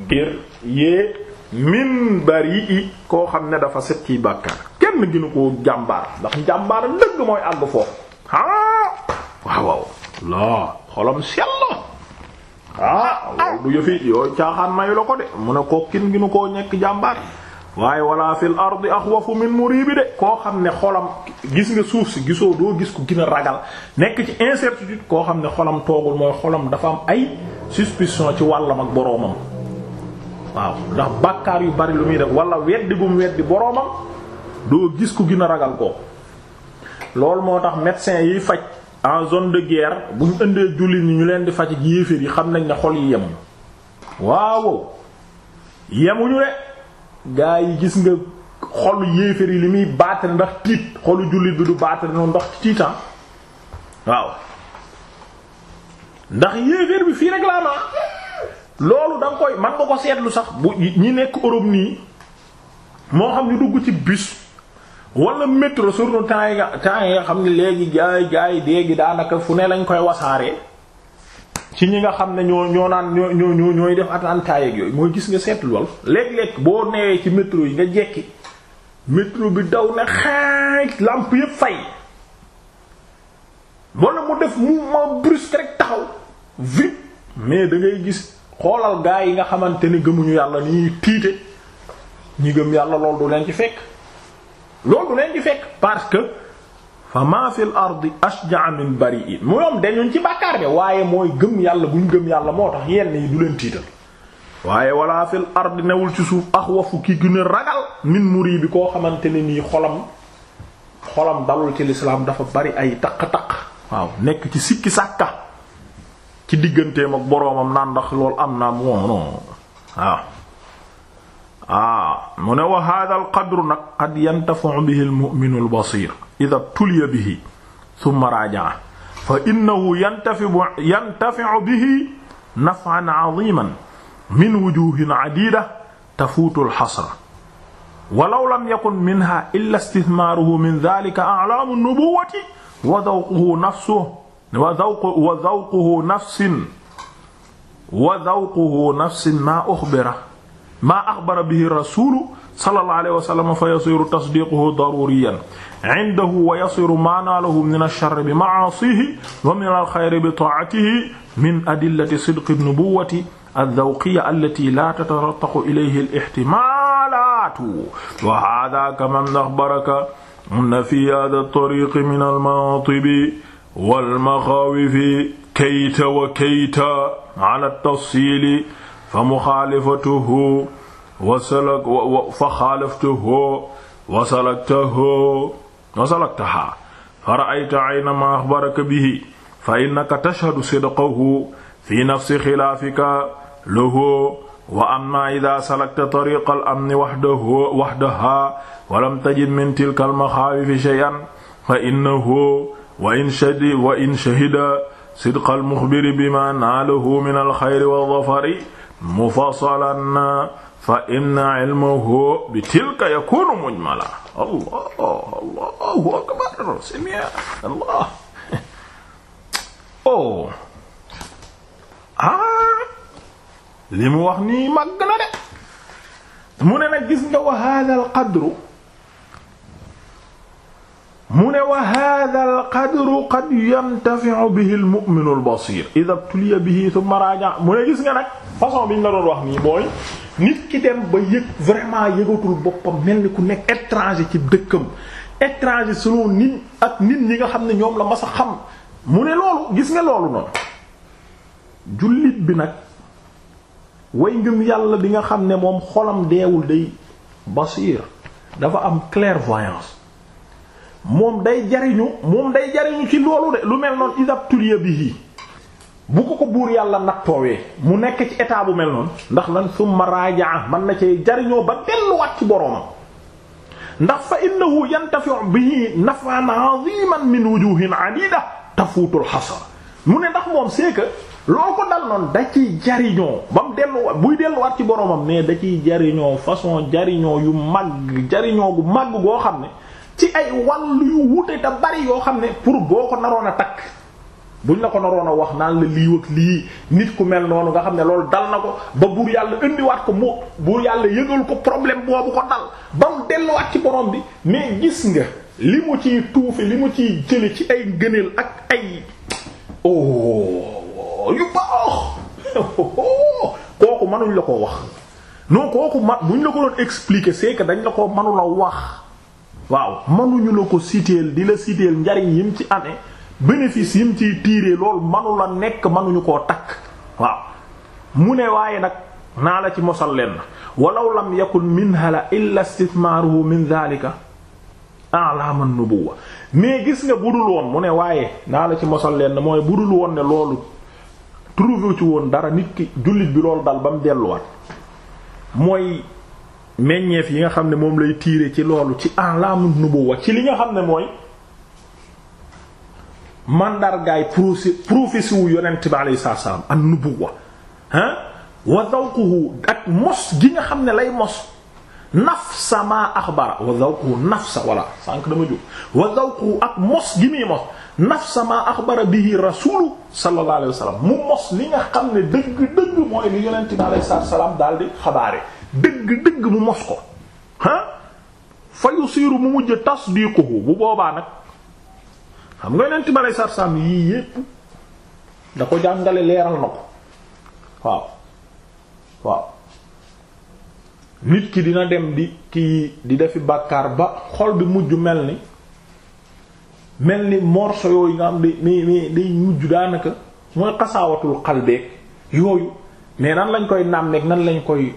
ngir yée min bari i koo xam ne dafa set ci bàkkaar kenn ginu ko jàmbaar ndax jàmbaar dëgg mooy àgg foofu ah waaw waaw laa xolam sell ah loolu du yëfi yooyu caaxaan mayu la ko de mu ne ko kin ginu koo nekk jàmbaar waaye wala fil ardi axwafu min muribi de koo xam ne xolam gis nga suuf si gisoo doo gis ku gën a ragal nekk ci incertitude koo xam ne xolam toogul mooy xolam dafa am ay suspicion ci wàllam ak boroomam waaw ndax bàkkaar yu bari lu muy def wala weddi gum weddi boroomam doo gis ku gina ragal ko loolu moo tax médecin yi faj en zone de guerre buñ indee jullit ni ñu leen di faj ak yéeféer yi xam nañ ne xol yi yemuñu waaw yemuñu de gaa yi gis nga xol yéeféer yi li muy baatale ndax tiit xolu jullit bi du baatale noonu ndax tiitan waaw ndax yéeféer bi fii rek laa ma loolu da koy man nga ko seetlu sax bu ñi nekk Europe nii moo xam ni dugg ci bus wala métro surtout temps yi nga xam ne léegi gaay gaay déegi daanaka fu ne lañ koy wasaaree ci ñi nga xam ne ñoo ñoo naan ñoo ñoo ñooy def at yeeg yooyu mooy gis nga seetlu lool léeg-léeg boo newee ci métro yi nga jekki métro bi daw na xaaj lamp yëpp fay wala mu def mouvement brusque rek taxaw vite mais dangay gis. xoolal gaa yi nga xamante ni gëmuñu yàlla ni ñuy tiite ñi gëm yàlla loolu du leen ci fekk lool du leen ci fekk parce que fa ma fil ardi ashja'a min bari'in moom dañuñ ci bàkkaar de waaye mooy gëm yàlla bu ñu gëm yàlla moo tax yenn yi du leen tiital waaye wala fil ardi newul ci suuf axwafu ki gën a ragal min muri bi koo xamante ne nii xolam xolam dalul ci lislaam dafa bari ay taq-taq waaw nekk ci sikki sàkka ci digganteem ak boroomam naan ndax loolu am naa bon non waaw ah. ah mu ne wa hada al qadru nag qad yantafacu bihi al muminu al basir ida btuliya bihi thumma raajaa fa innahu yantaficu bihi nafcan cadiman min wujuhin cadida tafuutu al xasra walaw lam yakun minha illa istithmaaruhu min dalika aclaamu nubuwati wa dawquhu nafsuhu wa zawqu wa zawquhu nafsin wa zawquhu nafsin maa uxbira maa axbara bihi rasuulu sallallahu alayhi wa sallam fa yasiru tasdiquhu daruriyan indahu wa yasiru maa naalahu min alsharri bi macaasihi wa min alxayri bi taacatihi min adillati sidqi nubuwati alzawqiya allati laa tatarattaqu ilayhi alixtimaalaatu wa haadaa kaman axbaraka anna fii haadaa tariiqi min almaatibi wal maxaawifi kayta wa kayta ala tafsiili fa muxaalifatuhu wa salak fa xaalaftuhu wa salaktahu wa salaktahaa fa ra'ayta ayna maa axbaraka bihi fa innaka tashhadu sidqahu fi nafsi xilaafika lahu wa amma idaa salakta tariiqal amni wahdahu wahdahaa wa lam tajid min tilkal maxaawifi shay'an fa innahu wa in shadi wa in shahida sidqa almuxbiri bima naalahu min alxayri waldafari mufasalan fa inna ilmahu bi tilka yakunu mujmala allah allahu akbar c'est bien allah oh ah li mu wax nii màgg na de mu ne nag gis nga wa hada al qadru mu ne wa hada alqadru qad yantafi'u bihi almu'minu albasir ida btuliya bihi thumma raja mu ne gis nga nag façon bi ñu la doon wax nii mooy nit ki dem ba yëg vraiment yëgatul boppam mel ni ku nekk étranger ci dëkkam étranger selon nit ak nit ñi nga xam ne ñoom la mas a xam mu ne loolu gis nga loolu noonu jullit bi nag way ngëm yàlla bi nga xam ne moom xolam deewul day basir dafa am clairvoyance moom day jariñu moom day jariñu ci loolu de lu mel noonu isab bi bihi bu ko ko buur yàlla nattoowee mu nekk ci état bu mel noonu ndax lan summa rajaa man na ci jariñoo ba delluwaat ci boroomam ndax fa innahu yantafi'u bihi naf'an 'aziman min wujuhin 'adida tafuutul xasar mu ne ndax moom c'est que loo ko dal noonu da ciy jariñoo ba mu delluwaat buy delluwaat ci boroomam mais da ciy jariñoo façon jariñoo yu màgg jariñoo gu màgg goo xam ne ci ay wàll yu wute te bari yoo xam ne pour boo ko naroon a takk buñ la ko naroon a wax naan la lii nit ku mel noonu nga xam ne loolu dal na ko ba buur yàlla indiwaat ko moo buur yàlla yëgal ko problème boobu ko dal ba mu delluwaat ci borom bi gis nga li mu ciy tuufe li mu ciy jële ci ay ngëneel ak ay oh yu baax mënuñ la ko wax non kooku ma buñ la ko doon expliquer c'est dañ la ko mënula wax waaw mënuñu la ko siteel di la siteel njariñ yim ci amee bénéfice yim ciy tiiree loolu manu la nekk mënuñu koo takk waaw mu ne waaye nag naa la ci mosal leen na walaw lam yakun minhala illa istithmaaruhu min dhalika a'lam gis nga woon mu ne waaye naa la ci mosal leen mooy budul woon ne loolu trouvé ci woon dara nit ki jullit bi loolu dal ba mu delluwaat mooy meññeef yi nga xam ne moom lay tiire ci loolu ci enlamu nubuwa ci li nga xam ne mooy mandargaay prophétie wu yonent bi alayhi salaatu salaam an nubuwa ah wa zawquhu ak mos gi nga xam ne lay mos nafsa ma axbara wa zawquhu sa wala sànq dama jóg wa zawquhu ak mos gi muy mos nafsa ma axbara bi rasulu sallallahu alayhi wa sallam mu mos li nga xam ne dëgg dëgg mooy li yonent bi alayhi salaam daal di xabaare dëgg dëgg mu mos ko ah fa yusiru mu mujj tasdiquhu bu boobaa nag xam nga yonent bi aleyhi salaatu salaam yii yépp da ko jàngale leeral na ko waaw waaw nit ki dina dem di kii di defi bàkkaar ba xol bi mujj mel ni mel ni morceau yooyu nga am di mi mi day mujj daanaka mooy xasaawatul xalbeeg yooyu mais nan lañ koy nàmmeeg nan lañ koy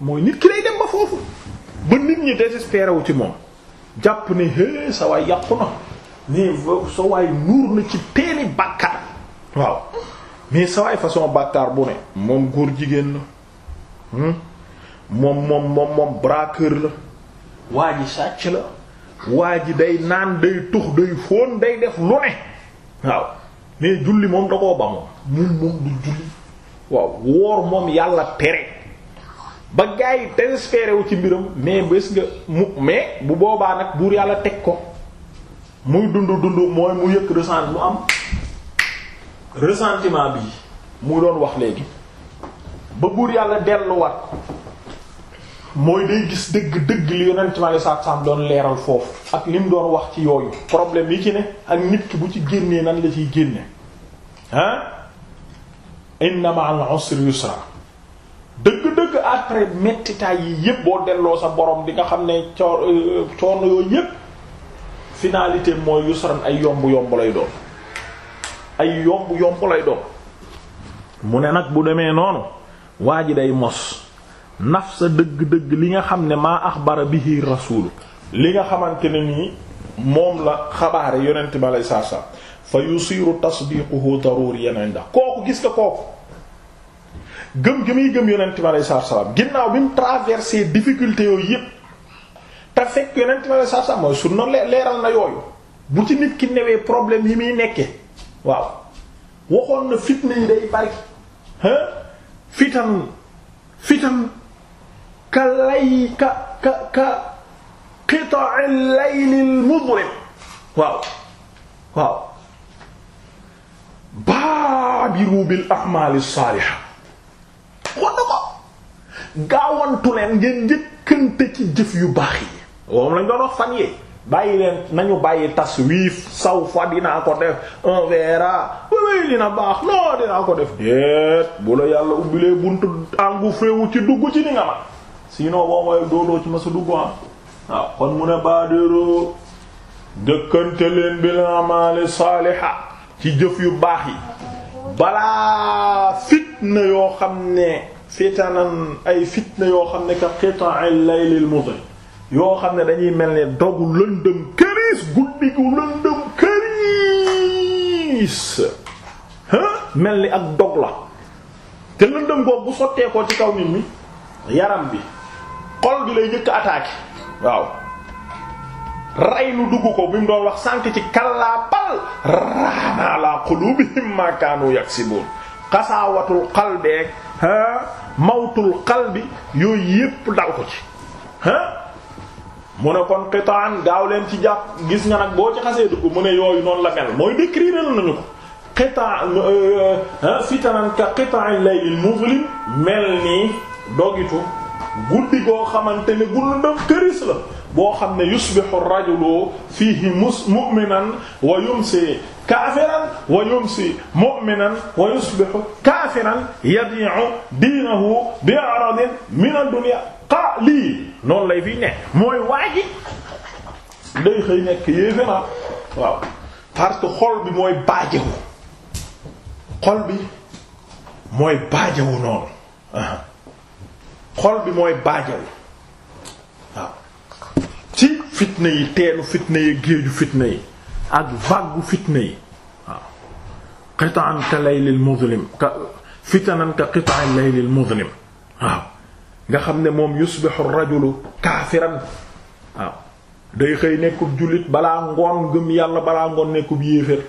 mooy nit ki lay dem ba foofu ba nit ñi désespéré ci moom jàpp ne hé sa yàqu na mais sa nuur na ci teeni bàkkaar waaw mais sa façon bàkkaar bu ne moom góor jigéen la hmm? moom moom moom moom la waa ji sàcc la waa ji day naan day tux day fóon day def lu ne waaw mais julli moom da koo ba moom moom du julli waaw woor moom yàlla tere ba gars yi te wu ci mbiram mais bés nga mu mais bu boobaa nag buur yàlla teg ko muy dund dund mooy mu yëkk ressent mu am ressentiment bi mu doon wax léegi ba buur yàlla delluwaat mooy day gis dëgg dëgg li yonent ma saat saam doon leeral foofu ak li mu doon wax ci yooyu problème yi ci ne ak nit ki bu ci génnee nan la ciy génne ah on ma'al usri yusra dëgg-dëgg après mettitaay yi yépp boo delloo sa borom di nga xam ne coor euh, coono yooyu yépp finalité mooy yusran ay yomb-yomb lay doon ay yomb-yomb lay doon mu ne nag bu demee noonu waa ji day mos naf sa dëgg-dëgg li nga xam ne maa axbara bihi rasuulu li nga xamante ne nii moom la xabaare yonent bi alei saatu salaam fa yusiru tasdiquhu daruriyan inda kooku gis nga kooku gëm gi muy gëm yonent bi alayhi salaam ginnaaw bi mu traversé difficulté yooyu yépp te fekk yonent bi alayhi salaam mooy sunna leeral na yooyu bu ci nit ki newee problème yi muy nekke waaw waxoon na fitna yi day bari hein fitan fitan ka lay ka ka ka qita'il laylil muzlim waaw waaw baabiru bil a'malis salihah wax ko gaawantu leen ngeen njëkkante ci jëf yu baax yi moom lañ doon wax fan yee bàyyi leen nañu bàyyi taswiif saw fa dinaa ko def on verra oui dina baax non dinaa ko def déet bu la yàlla ubbilee buntu engouffré wu ci dugg ci ni nga ma sinon boo mooy doodoo ci ma sa dugg am ah. waaw ah, kon mu ne baadéro njëkkante leen bil amali saaliha ci jëf yu baax yi balaa fitna yoo xam ne fitanan ay fitna yoo xam ne ka ay laylil mudhil yoo xam ne dañuy mel ne dogu lëndëm këriis guddi gu lëndëm këriis mel ni ak dog la te lëndëm googu bu sottee ko ci kaw nit mi yaram bi xol bi lay njëkk attaquer waaw ray lu dugg ko bi mu doon wax sànk ci kallaa pal raana ala qulubihim ma kaanu yaksibun xasaawatul qalbi ha mawtul qalbi yooyu yépp dal ko ci ha mu ne kon qitaan gaaw leen ci jàpp gis nga nag boo ci xasee dugg mu ne yooyu noonu la mel mooy décrire nañu ko qitaan fitanan ka qitaan laylil muzlim mel nii dogitu guddi goo xamante ne gu lëndëm këris la boo xam ne yusbihu ar-rajulu fihi mu'minan wa yumsi kaafiran wa yumsi mu'minan wa yusbihu kaafiran yabi'u diinahu bi'aradin min ad-dunya qalil noonu lay fi ne mooy waaji day xëy nekk yéeféna ah. waaw parce que xol bi mooy baajewu xol bi mooy baajewu noonu xol bi mooy baajewu ci fitna yi teelu fitna yi géeju fitna yi ak vaggu fitna yi waaw qitaan ka laylil muzlim ka nga xam ne moom yusbihu rajulu kaafiran day xëy nekkub jullit balaa ngoon gëm yàlla balaa ngoon nekkub yéeféer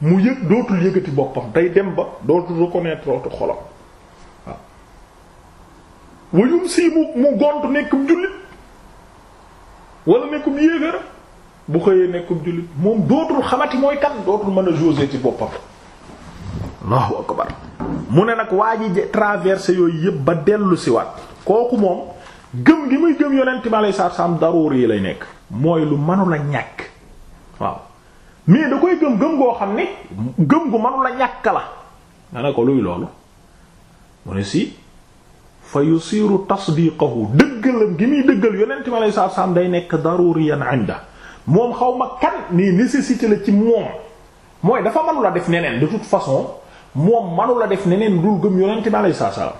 mu yëg dootul yëgati boppam day dem ba dootul reconnaître otu xolam wayum sii mu mu gont nekkub jullit wala nekkub yéegara bu xëyee nekkub jullit moom dootul xamati mooy kan dootul mën a josé ci boppam allahu akbar mu ne nag waa ji traversé yooyu yëpp ba dellu siwaat kooku moom gëm gi muy gëm yonent bi alei satu salaam daruur yi lay nekk mooy lu manula ñàkk waaw mais da koy gëm gëm goo xam ne gëm gu manula ñàkk la nga ne ko luy loolu mu ne si fa yusiru tasdiqahu dëggalam gi muy dëggal yonent mi alayhi salaatu salaam day nekk daruriyan inda moom xaw ma kan nii nécessité la ci moom mooy dafa manula def neneen de toute façon moom mënula def neneen dul gëm yonent mi alayhi salaatu salaam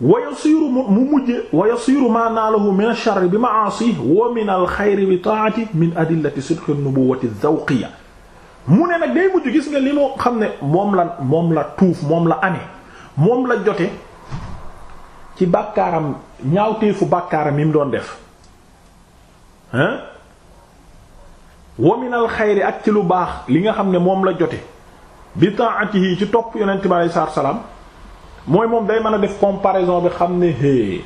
wa yasiru mu mujje wa yasiru ma naalahu min ash-sharri bi ma'aasi wa min al-xayri bi taa'ati min adillati sidqi an-nubuwwati mu ne nag day mujj gis nga li moo xam ne moom la moom la tuuf moom la ane moom la jote ci bàkkaaram ñaawteefu bàkkaaram yi mu doon def hein waminal xayri ak ci lu baax li nga xam ne moom la jote bi ta'atihi ci topp yonent bi alayhi salaatu salaam mooy moom day mën a def comparaison bi xam ne hé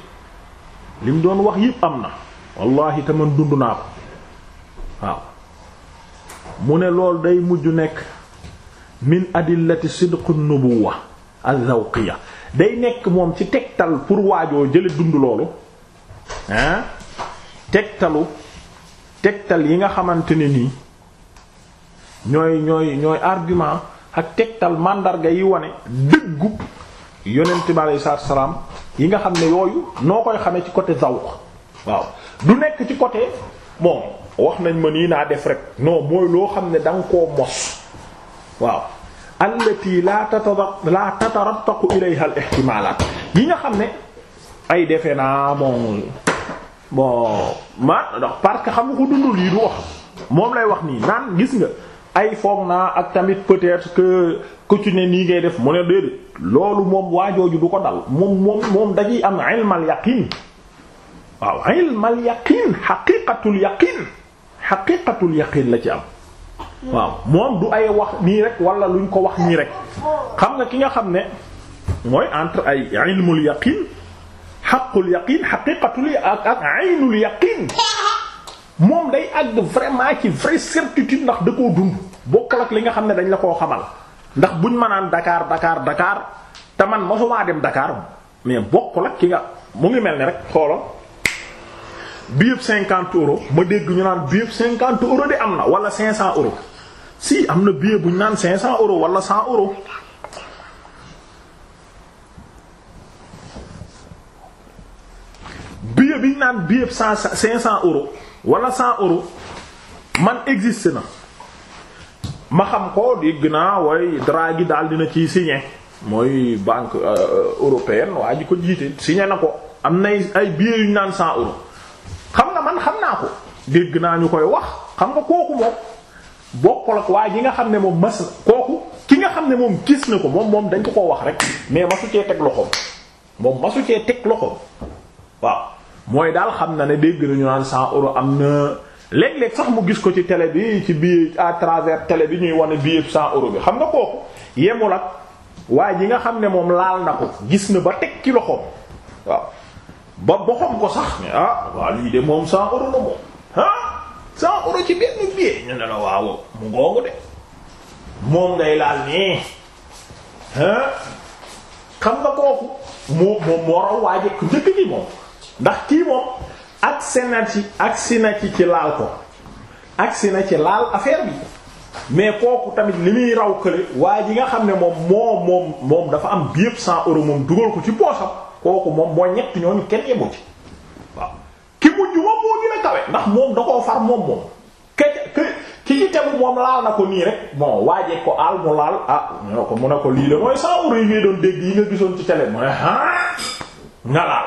li mu doon wax yépp am na wallahi te man dund naa ko waaw mu ne loolu day mujj nekk min adillati sidqu nubuwa az-zawqiyya day nekk moom ci tegtal pour waajoo jële dund loolu ah tegtalu tegtal yi nga xamante ne nii ñooy ñooy ñooy argument ak tegtal màndarga yi wane dëggu yonent bi aleyhi salaatu salaam yi nga xam ne yooyu noo koy xamee ci côté zawq waaw du nekk ci côté bon wax nañ ma nii naa def rek noo mooy loo xam ne da nga koo mos waaw allati la tatadaq la tatarattaqu ilayha al ihtimalat yi nga xam ne ay defe naa bon bon ma ndax xam nga ko dundul yi du wax moom lay wax nii naan gis nga ay foog naa ak tamit peut-être que ku ci ne nii ngay def mu ne déedéet loolu moom waajooju du ko dal moom moom moom dañuy am ilmal yaqin waaw ilmal yaqin xaqiqatul yaqin xaqiqatul yaqin la ci am waaw moom du ay wax nii rek wala luñ ko wax nii rek xam nga ki nga xam ne mooy entre ay ilmul yaqin xaqul yaqin xaqiqatul ak ak aynul yaqin moom day àgg vraiment ci vraie certitude ndax da koo dund bokkal ak li nga xam ne dañ la koo xamal ndax buñ mënaan dakaar Dakar Dakar te man masumaa dem Dakar mais bokk ak ki nga mu ngi mel ni rek xoolal bi yëpp cinquante euros ma dégg ñu naan bi yëpp cinquante euros de am na wala cinq cent euros si am na billet buñ ñu naan cent euros wala 100 euros. billet bi ñu naan billet 500 euros wala 100 euros man existe na ma xam ko dégg naa waaye gi daal dina ci signé mooy banque euh, européenne waa ji ko jiite signé na ko am na ay billets yu naan cent euros xam nga man xam naa ko dégg naa ñu koy wax xam nga kooku moom. bokkul ak waa ji nga xam ne moom mas kooku ki nga xam ne moom gis na ko moom moom dañ ko koo wax rek mais masu cee teg loxoom moom masu cee teg loxoom waaw mooy daal xam na ne dégg nañu naan 100 euros am na léeg sax mu gis ko ci télé bi ci billet à travers télé bi ñuy wane billet 100 euros bi xam nga kooku yemul ak waa ji nga xam ne moom laal na ko gis na ba teg ci loxoom waaw ko sax ne ah, lii de moom 100 euros la moom ah. cent oro ci benn billet ñu ne la waaw mu ngoogu de moom ngay laal nii xam nga kooku moo moom moo raw waa jëkk njëkk gi moom ndax kii moom agsi na ci agsi na ci ci laal ko agsi na ci laal affaire bi mais kooku tamit li muy raw kële waa ji nga xam ne moom moo moom moom dafa am bi yëpp cent euros moom dugal ko ci poosam kooku moom moo ñett ñooñu kenn yemu ci mujj moom moo gën a kawe ndax nii bon waajee ko mu ah ko mu ne ko mooy cent dégg yi nga gisoon ci télé mu ne ah laal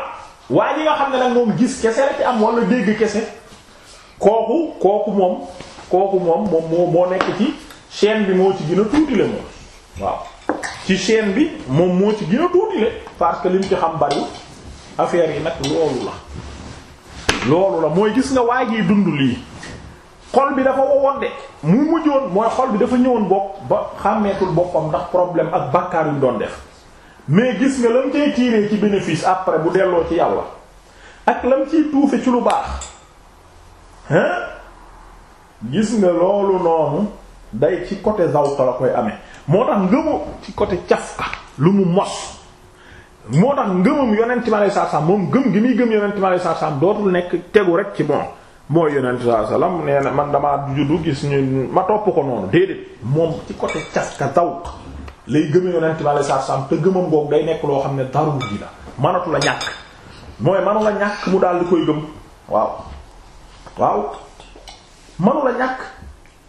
waa ji nga xam ne nag moom gis kese la ci am walla dégg kese kooku kooku moom moom moo nekk ci chaîne bi moo ci gën a moom waaw ci chaîne bi moom moo ci gën a parce que li mu ci xam bari affaire yi nag loolu la loolu la mooy gis nga waa gi dund lii xol bi dafa wowoon de mu mujjoon mooy xol bi dafa ñëwoon bopp ba xàmmeetul boppam ndax problème ak bàkkaar yu doon def mais gis nga lam cay tiiree ci bénéfice après bu delloo ci yàlla ak lan ciy tuufe ci lu baax hein gis nga loolu noonu day ci côté zawq la koy amee moo tax ngëmu ci côté cafka lu mu mos moo tax ngëmam yonent mi alayhi salaam moom gëm gi muy gëm yonent mi alayhi salaam dootul nekk tegu rek ci bon mooy yonent sallallahu alayhi wasallam nee na man damaa juddu gis ñu ma topp ko noonu déedéet moom ci côté caska zawq lay gëm yonent mi alayhi salaam te gëmam googu day nekk loo xam ne daru ji la manatu la ñàkk mooy manu la ñàkk mu daal di koy gëm waaw waaw la ñàkk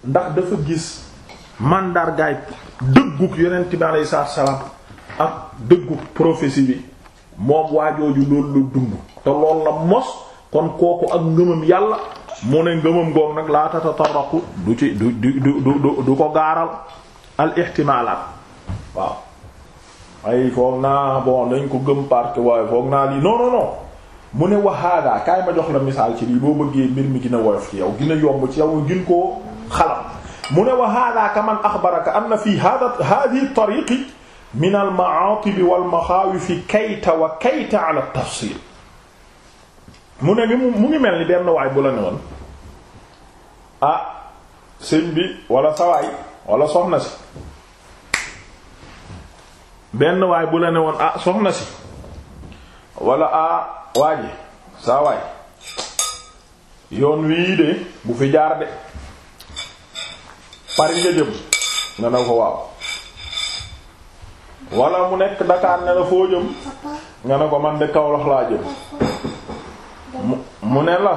ndax dafa gis mandargaay dëggug yonent mi alayhi salaam ak dëggu prophétie bi moom waajooju loolu la dund te loolu la mos kon kooku ak ngëmam yàlla mu ne ngëmam goog nag laa tatataraqu du ci du du du du ko gaaral al waaw ay foog naa bon nañ ko gëm parce waaye foog naa lii non mu ne waxaadaa kaay ma jox la misaal ci lii boo bëggee mbir mi gina a woyof ci yow gën yomb ci yaw gën koo xalam mu ne waxaadaa kaman axbaraka anna fii hada hadihi tariqi min al ma'atib wal maxaawif kayta wa kayta ala tafsil mu ne mu ngi mel ni benn waay bu la ne woon ah sëñ bi wala sa wala soxna si benn waay bu la ne woon ah soxna si wala ah waaji saa waay yoon wii de bu fi jaar de Paris nga jëm nga ne ko waaw wala mu nekk Dakar ne foo jëm nga ne ko man de Kaolack laa jëm mu ne la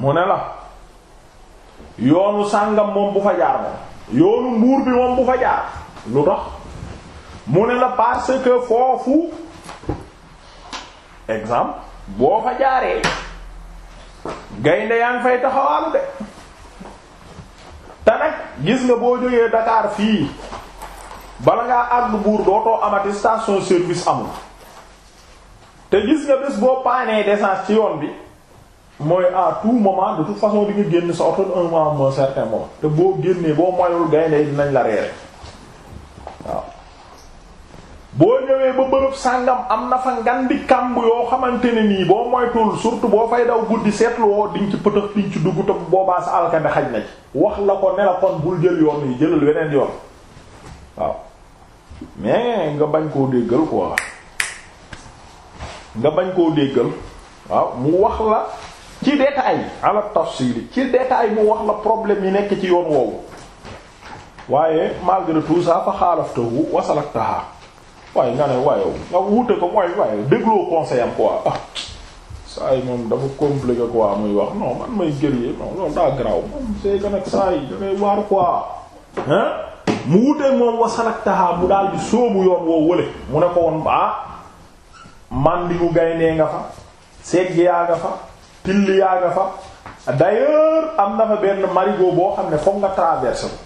mu ne la yoonu sàngam moom bu fa jaar moom yoonu mbuur bi moom bu fa jaar lu tax mu ne la parce que foofu exemple boo fa jaaree gaynde yaa ngi fay taxawaalu de te nag gis nga boo jógee Dakar fii bala ngaa àgg buur dootoo amati station service amul te gis nga bés boo paanee d'essence ci yoon bi mooy à tout moment de toute façon di nga génn sa oto un mois un certain moment te boo génnee boo moyul gaynde dinañ la reere waaw boo ñëwee ba bërëb sàngam am na fa ngan bi kàmb yoo xamante ne nii boo moytul surtout boo fay daw guddi seetlu woo diñ ci pëtëx diñ ci dugg te boobaa sa alkande xaj na ci wax la ko ne la kon bul jël yoon yi jëlal weneen yoon mais nga bañ koo déggal quoi nga bañ koo déggal waaw mu wax la ci détail ala tafsili ci détail mu wax la problème yi nekk ci yoon woowu waaye malgré tout ça fa xaalaftahu wasalaktaha waaye nga ne waayow nga wuute ko mooy waaye dégloo conseil am quoi ah saa yi moom dafa compliqué quoi muy wax non man may gërëyee non loolu daa garaaw moom c'est que nag saa yi da ngay waar quoi hein mu wutee moom wa salaktaha mu daal di sóobu yoon woo wële mu ne ko woon ah màndigu gaynde nga fa segg yaa nga fa till yaa nga fa d'ailleurs am na fa benn marigo boo xam ne fokk nga traverser ko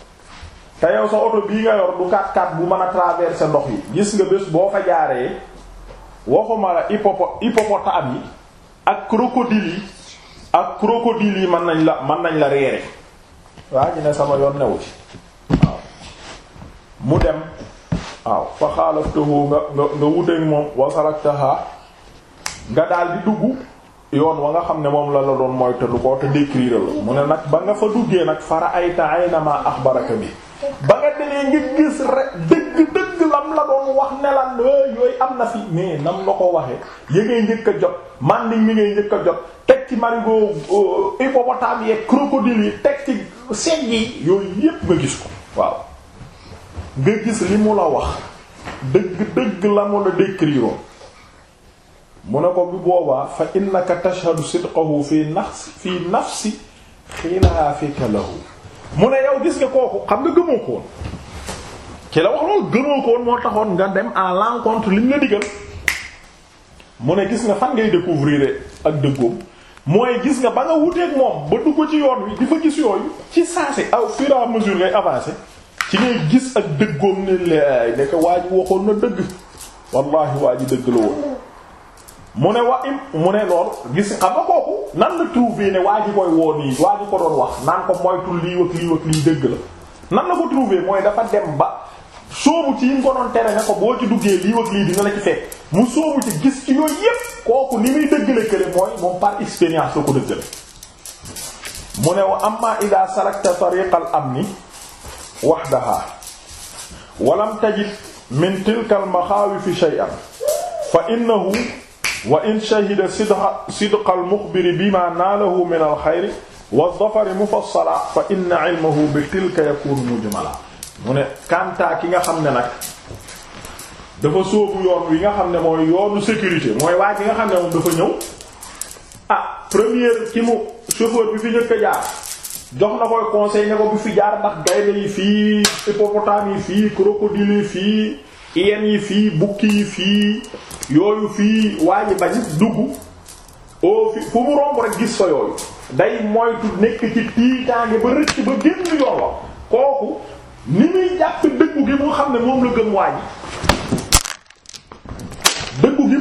te yow sa oto bii nga yor du 4 x bu mën a traverser ndox yi gis nga bés boo fa jaaree waxuma la hippopo hippopotame yi ak crocodile yi ak crocodile yi mën nañ la mën nañ la reere waa ñu ne sama yoon newu ci mu dem waaw fa xaalaftahu nga nga nga wuteek moom wasaraktaha nga daal di dugg yoon wa nga xam ne moom la la doon moyta lu ko te décrire la mu ne nag ba nga fa duggee nag fara ay ta ay na bi ba nga demee nga gis rek dëgg dëgg lam la doon wax ne lan yooyu am na fi mais nam la ko waxee ya ngay njëkk a jot manding mi ngay njëkk a jot teg ci marigot euh, hippopotame yeeg crocodile yi teg ci segg yi yooyu yépp nga gis ko waaw nga gis li mu la wax dëgg dëgg la mu la décrire mu ne ko bu boobaa fa innaka tashhadu sidqahu fi nafsi fi nafsi xilaafika lahu mu ne yow gis nga kooku xam nga gëmoo ko woon ki la wax loolu gëmoo moo taxoon nga dem à l'encontre liñ la digal mu ne gis nga fan ngay découvrir ak dëggoom mooy gis nga ba nga wuteeg moom ba dugg ci yoon wi di fa gis yooyu ci saase au fur et à mesure ngay avancer ci ngay gis ak dëggoom ne laay ne ko waa ji waxoon na dëgg wallaahi waa ji dëgg la woon mu ne wax im mu ne lool gis xam nga kooku nan la trouver ne waa ji koy woo nii ko doon wax naan ko moytul lii wëkk lii dëgg la nan la ko trouver mooy dafa dem ba sóobu ci yi nga ko doon tere ne ko boo ci duggee lii wëkk lii dina la ci fekk mu sóobu ci gis ci yooyu yépp kooku ni muy dëggale kële mooy moom par expérience la ko dëggale mu ne wa amma ida salakta tariqal amni wahdaha walam tajid min tilka al maxaawifi shay'an fa innahu wa in al muxbiri bima naalahu min al xayri wa mufassala fa inna bi tilka yakunu mujmala mu ne kantaa ki nga xam ne nag dafa sóobu yoon wi nga xam ne mooy yoonu sécurité mooy waa ki nga xam ne moom dafa ñëw premier ah, première ki mu chauffeur bi fi njëkk jaar jox na koy conseil ne ko bu fi jaar ndax gaynde yi fii hippopotame yi fii crocodile yi fii hyène yi fii bukki yi fii yooyu fii waa ji bañ dugg au oh, fi fu mu romb rek gis fa yooyu day moytu nekk ci tiitaange ba rëcc ba génn yoon kooku ni muy jàpp dëggu gi mu xam ne moom la gëm waa gi mu gi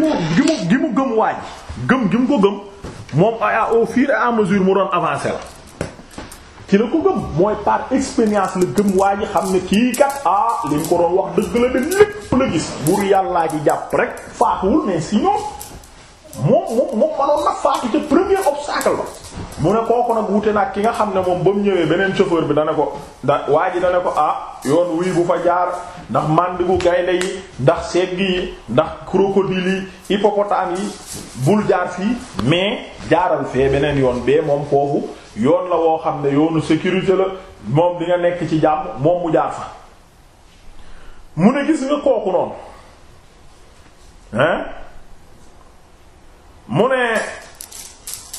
gëm waa ji gëm gi mu ko gëm moom ah, ah, au fur et à mesure mu doon avancer la ci la ko gëm mooy par expérience la gëm waa ji xam ne kii kat ah li nga ko doon wax dëgg la de lépp la gis buur yàllaa ji jàpp rek faatuwul mais sinon moom moom moom manoon na faatu ca premier obstacle ba mu ne kooku nag wute nag ki nga xam ne moom ba mu ñëwee beneen chauffeur bi dana ko da waa ji dana ko ah yoon wuy bu fa jaar ndax màndigu gaynde yi ndax segg yi ndax crocodile yi hippopotame yi bul jaar fii mais jaaral fee beneen yoon bee moom foofu yoon la woo xam ne yoonu sécurité la moom di nga nekk ci jàmm moom mu jaar fa mu ne gis nga kooku noonu hein mu ne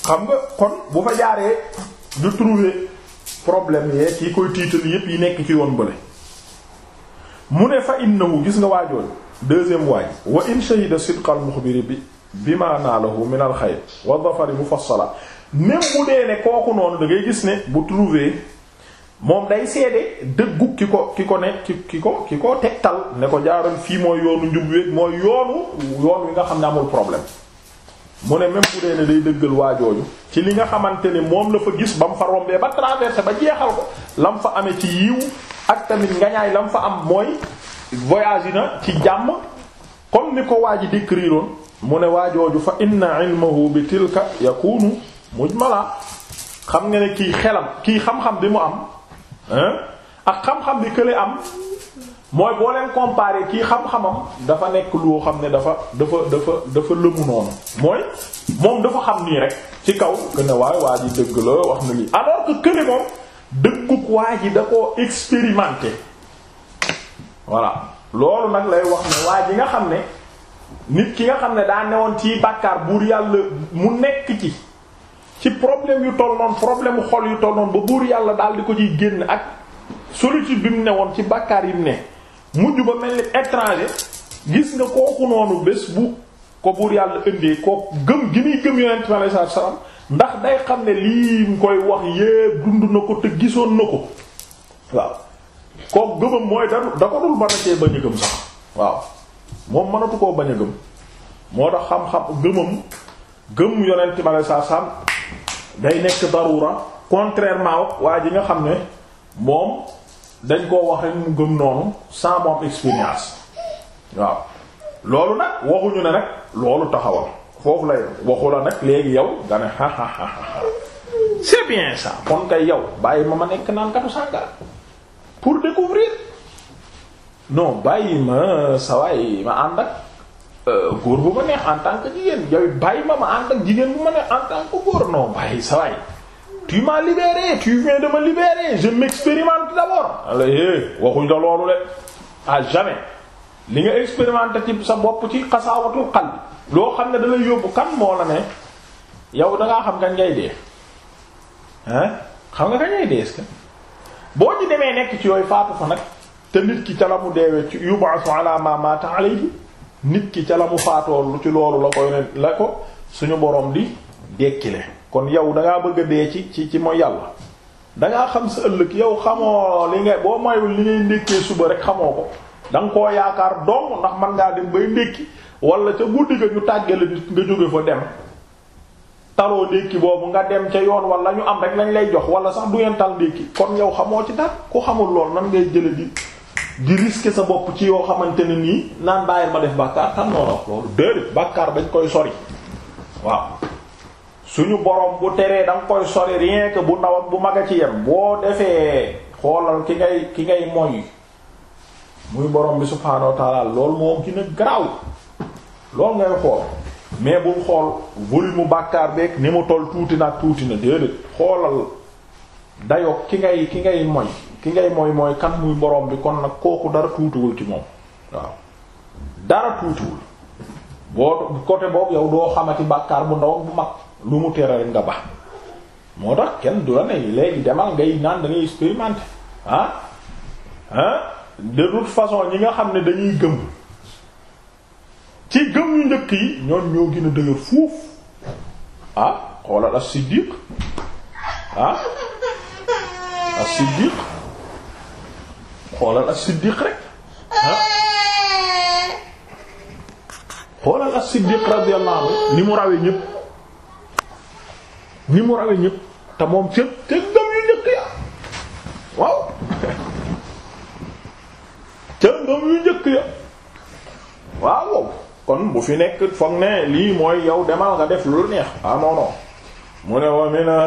xam nga kon bu fa jaaree du trouver problème yee kii koy tiital yépp yi nekk ci yoon bële mu ne fa innahu gis nga waajoon deuxième waaj wa in shahida sidqal muxbiri bi bima naalahu min al xayr wa dhafari mufassala même dee ne kooku noonu da ngay gis ne bu trouver moom day seede dëggu ki ko ki ko ne ki ki ko ki ko tegtal ne ko jaaral fii mooy yoonu njub mooy yoonu yoon wi nga xam ne amul problème mu ne même dee ne day dëggal waajooju ci li nga xamante ne moom la fa gis ba mu fa rombee ba traversé ba jeexal ko lam fa amee ci yiw ak tamit ngañaay lam fa am mooy voyage na ci jàmm kon ni ko waa ji décriroon mu ne waajooju fa inna ilmuhu bi tilka yakunu mujmala xam nga ne kii xelam kii xam-xam bi mu am ak xam-xam bi kële am mooy boo comparer kii xam-xamam dafa nekk loo xam ne dafa dafa dafa dafa lëmu noonu mooy moom dafa xam nii rek ci kaw que ne waaye waa ji dëgg la wax na lii alors que kële moom dëggug waa ji da koo expérimenté voilà loolu nag lay wax ne waa ji nga xam ne nit ki nga xam ne daa newoon ci bàkkaar buur yàlla mu nekk ci ci problème yu toll noonu problème mu xol yu toll noonu ba buur yàlla daal di ko ciy génn ak solitude bi mu ne woon ci bàkkaar yi mu ne mujj ba mel ni étranger gis nga kooku noonu bés bu ko buur yàlla indee kooku gëm gi muy gëm yonent bi alayhi salaam ndax day xam ne lii mu koy wax na ko gisoon na ko waaw kooku da da ko dul mënatu koo bañ moo tax xam-xam gëmam gëm yonent bi alayhi day nekk darura contrairement ak waa ji nga xam ne moom dañ koo wax rek mu gëm noonu sans moom expérience waaw loolu nag waxuñu ne nag loolu taxawal foofu lay waxu la nag léegi yow nga ne ha ha ha c'est bien ça kon kay yow bàyyi ma ma nekk naan katu sàngara pour découvrir non bàyyi ma sawaay ma ànd ak Euh, góor bu ma neex en tant que jigéen yow bàyyi ma ak jigéen bu ma neex en tant góor non bàyyi sa waay tu m'as libéré tu viens de me libérer je m'expérimente d'abord. ala eh waxuñ la loolu de à jamais li nga expérimenté ci sa bopp ci xasaawatul xal loo xam ne dalay lay yóbbu kan moo la ne yow da xam kañ ngay dee ah xam nga kañ ngay dee est-ce boo ci demee nekk ci yooyu faatu fa nag te nit ki ca la mu deewee ci yub'athu ala ma mata alayhi nit ki ca la mu faatoo lu ci loolu la ko ne la ko suñu boroom di dekkile kon yow dangaa bëgg a dee ci ci ci mooy yàlla dangaa xam sa ëllëg yow xamoo li nga boo mayul li ngay ndékkee suba rek xamoo ko danga nga koo yaakaar dong ndax mën ngaa dem bay ndékki wala ca guddi ga ñu tàggale nit nga jóge fa dem taloo ndékki boobu nga dem ca yoon wala ñu am rek lañ lay jox wala sax du ngeen tal ndékki kon yow xamoo ci dara ku xamul lool nan ngay jële di di risquer sa bopp ci yoo xamante ne nii naan ma def bàkkaar xam noonu wax loolu déedéet bàkkaar dañ koy sori waaw suñu borom bu teree da nga koy sori rien bu ndaw bu mag a ci yem boo defee xoolal ki ngay ki ngay moy muy borom bi subhaanahu wa taala loolu moom a garaaw loolu ngay xool mais bul xool volume mu bàkkaar beeg ni mu toll tuuti nag tuuti na déedéet xoolal dayoo ki ngay ki ngay moy ki ngay mooy mooy kan muy borom bi kon nag kooku dara tuutiwul ci moom waaw dara tuutiwul boo côté boobu yow doo xamati bàkkaar bu ndaw bu mag lu mu tere rek nga ba moo tax kenn du la ne léegi demal ngay naan da ngay expérimenter ah ah de toute façon ñi nga xam ne dañuy gëm ci gëm yu njëkk yi ñoon ñoo gën a dëgër fuuf ah xoolal as-Siddiq ah as-Siddiq xoolal as-Siddiq rek xoolal as-Siddiq radiyallahu anhu ni mu rawee ñëpp ni mu rawee ñëpp te moom te te doom yu njëkk ya waaw te doom yu njëkk ya waaw kon bu fi nekk foog ne lii mooy yow demal nga def lu neex ah mu ne wa minha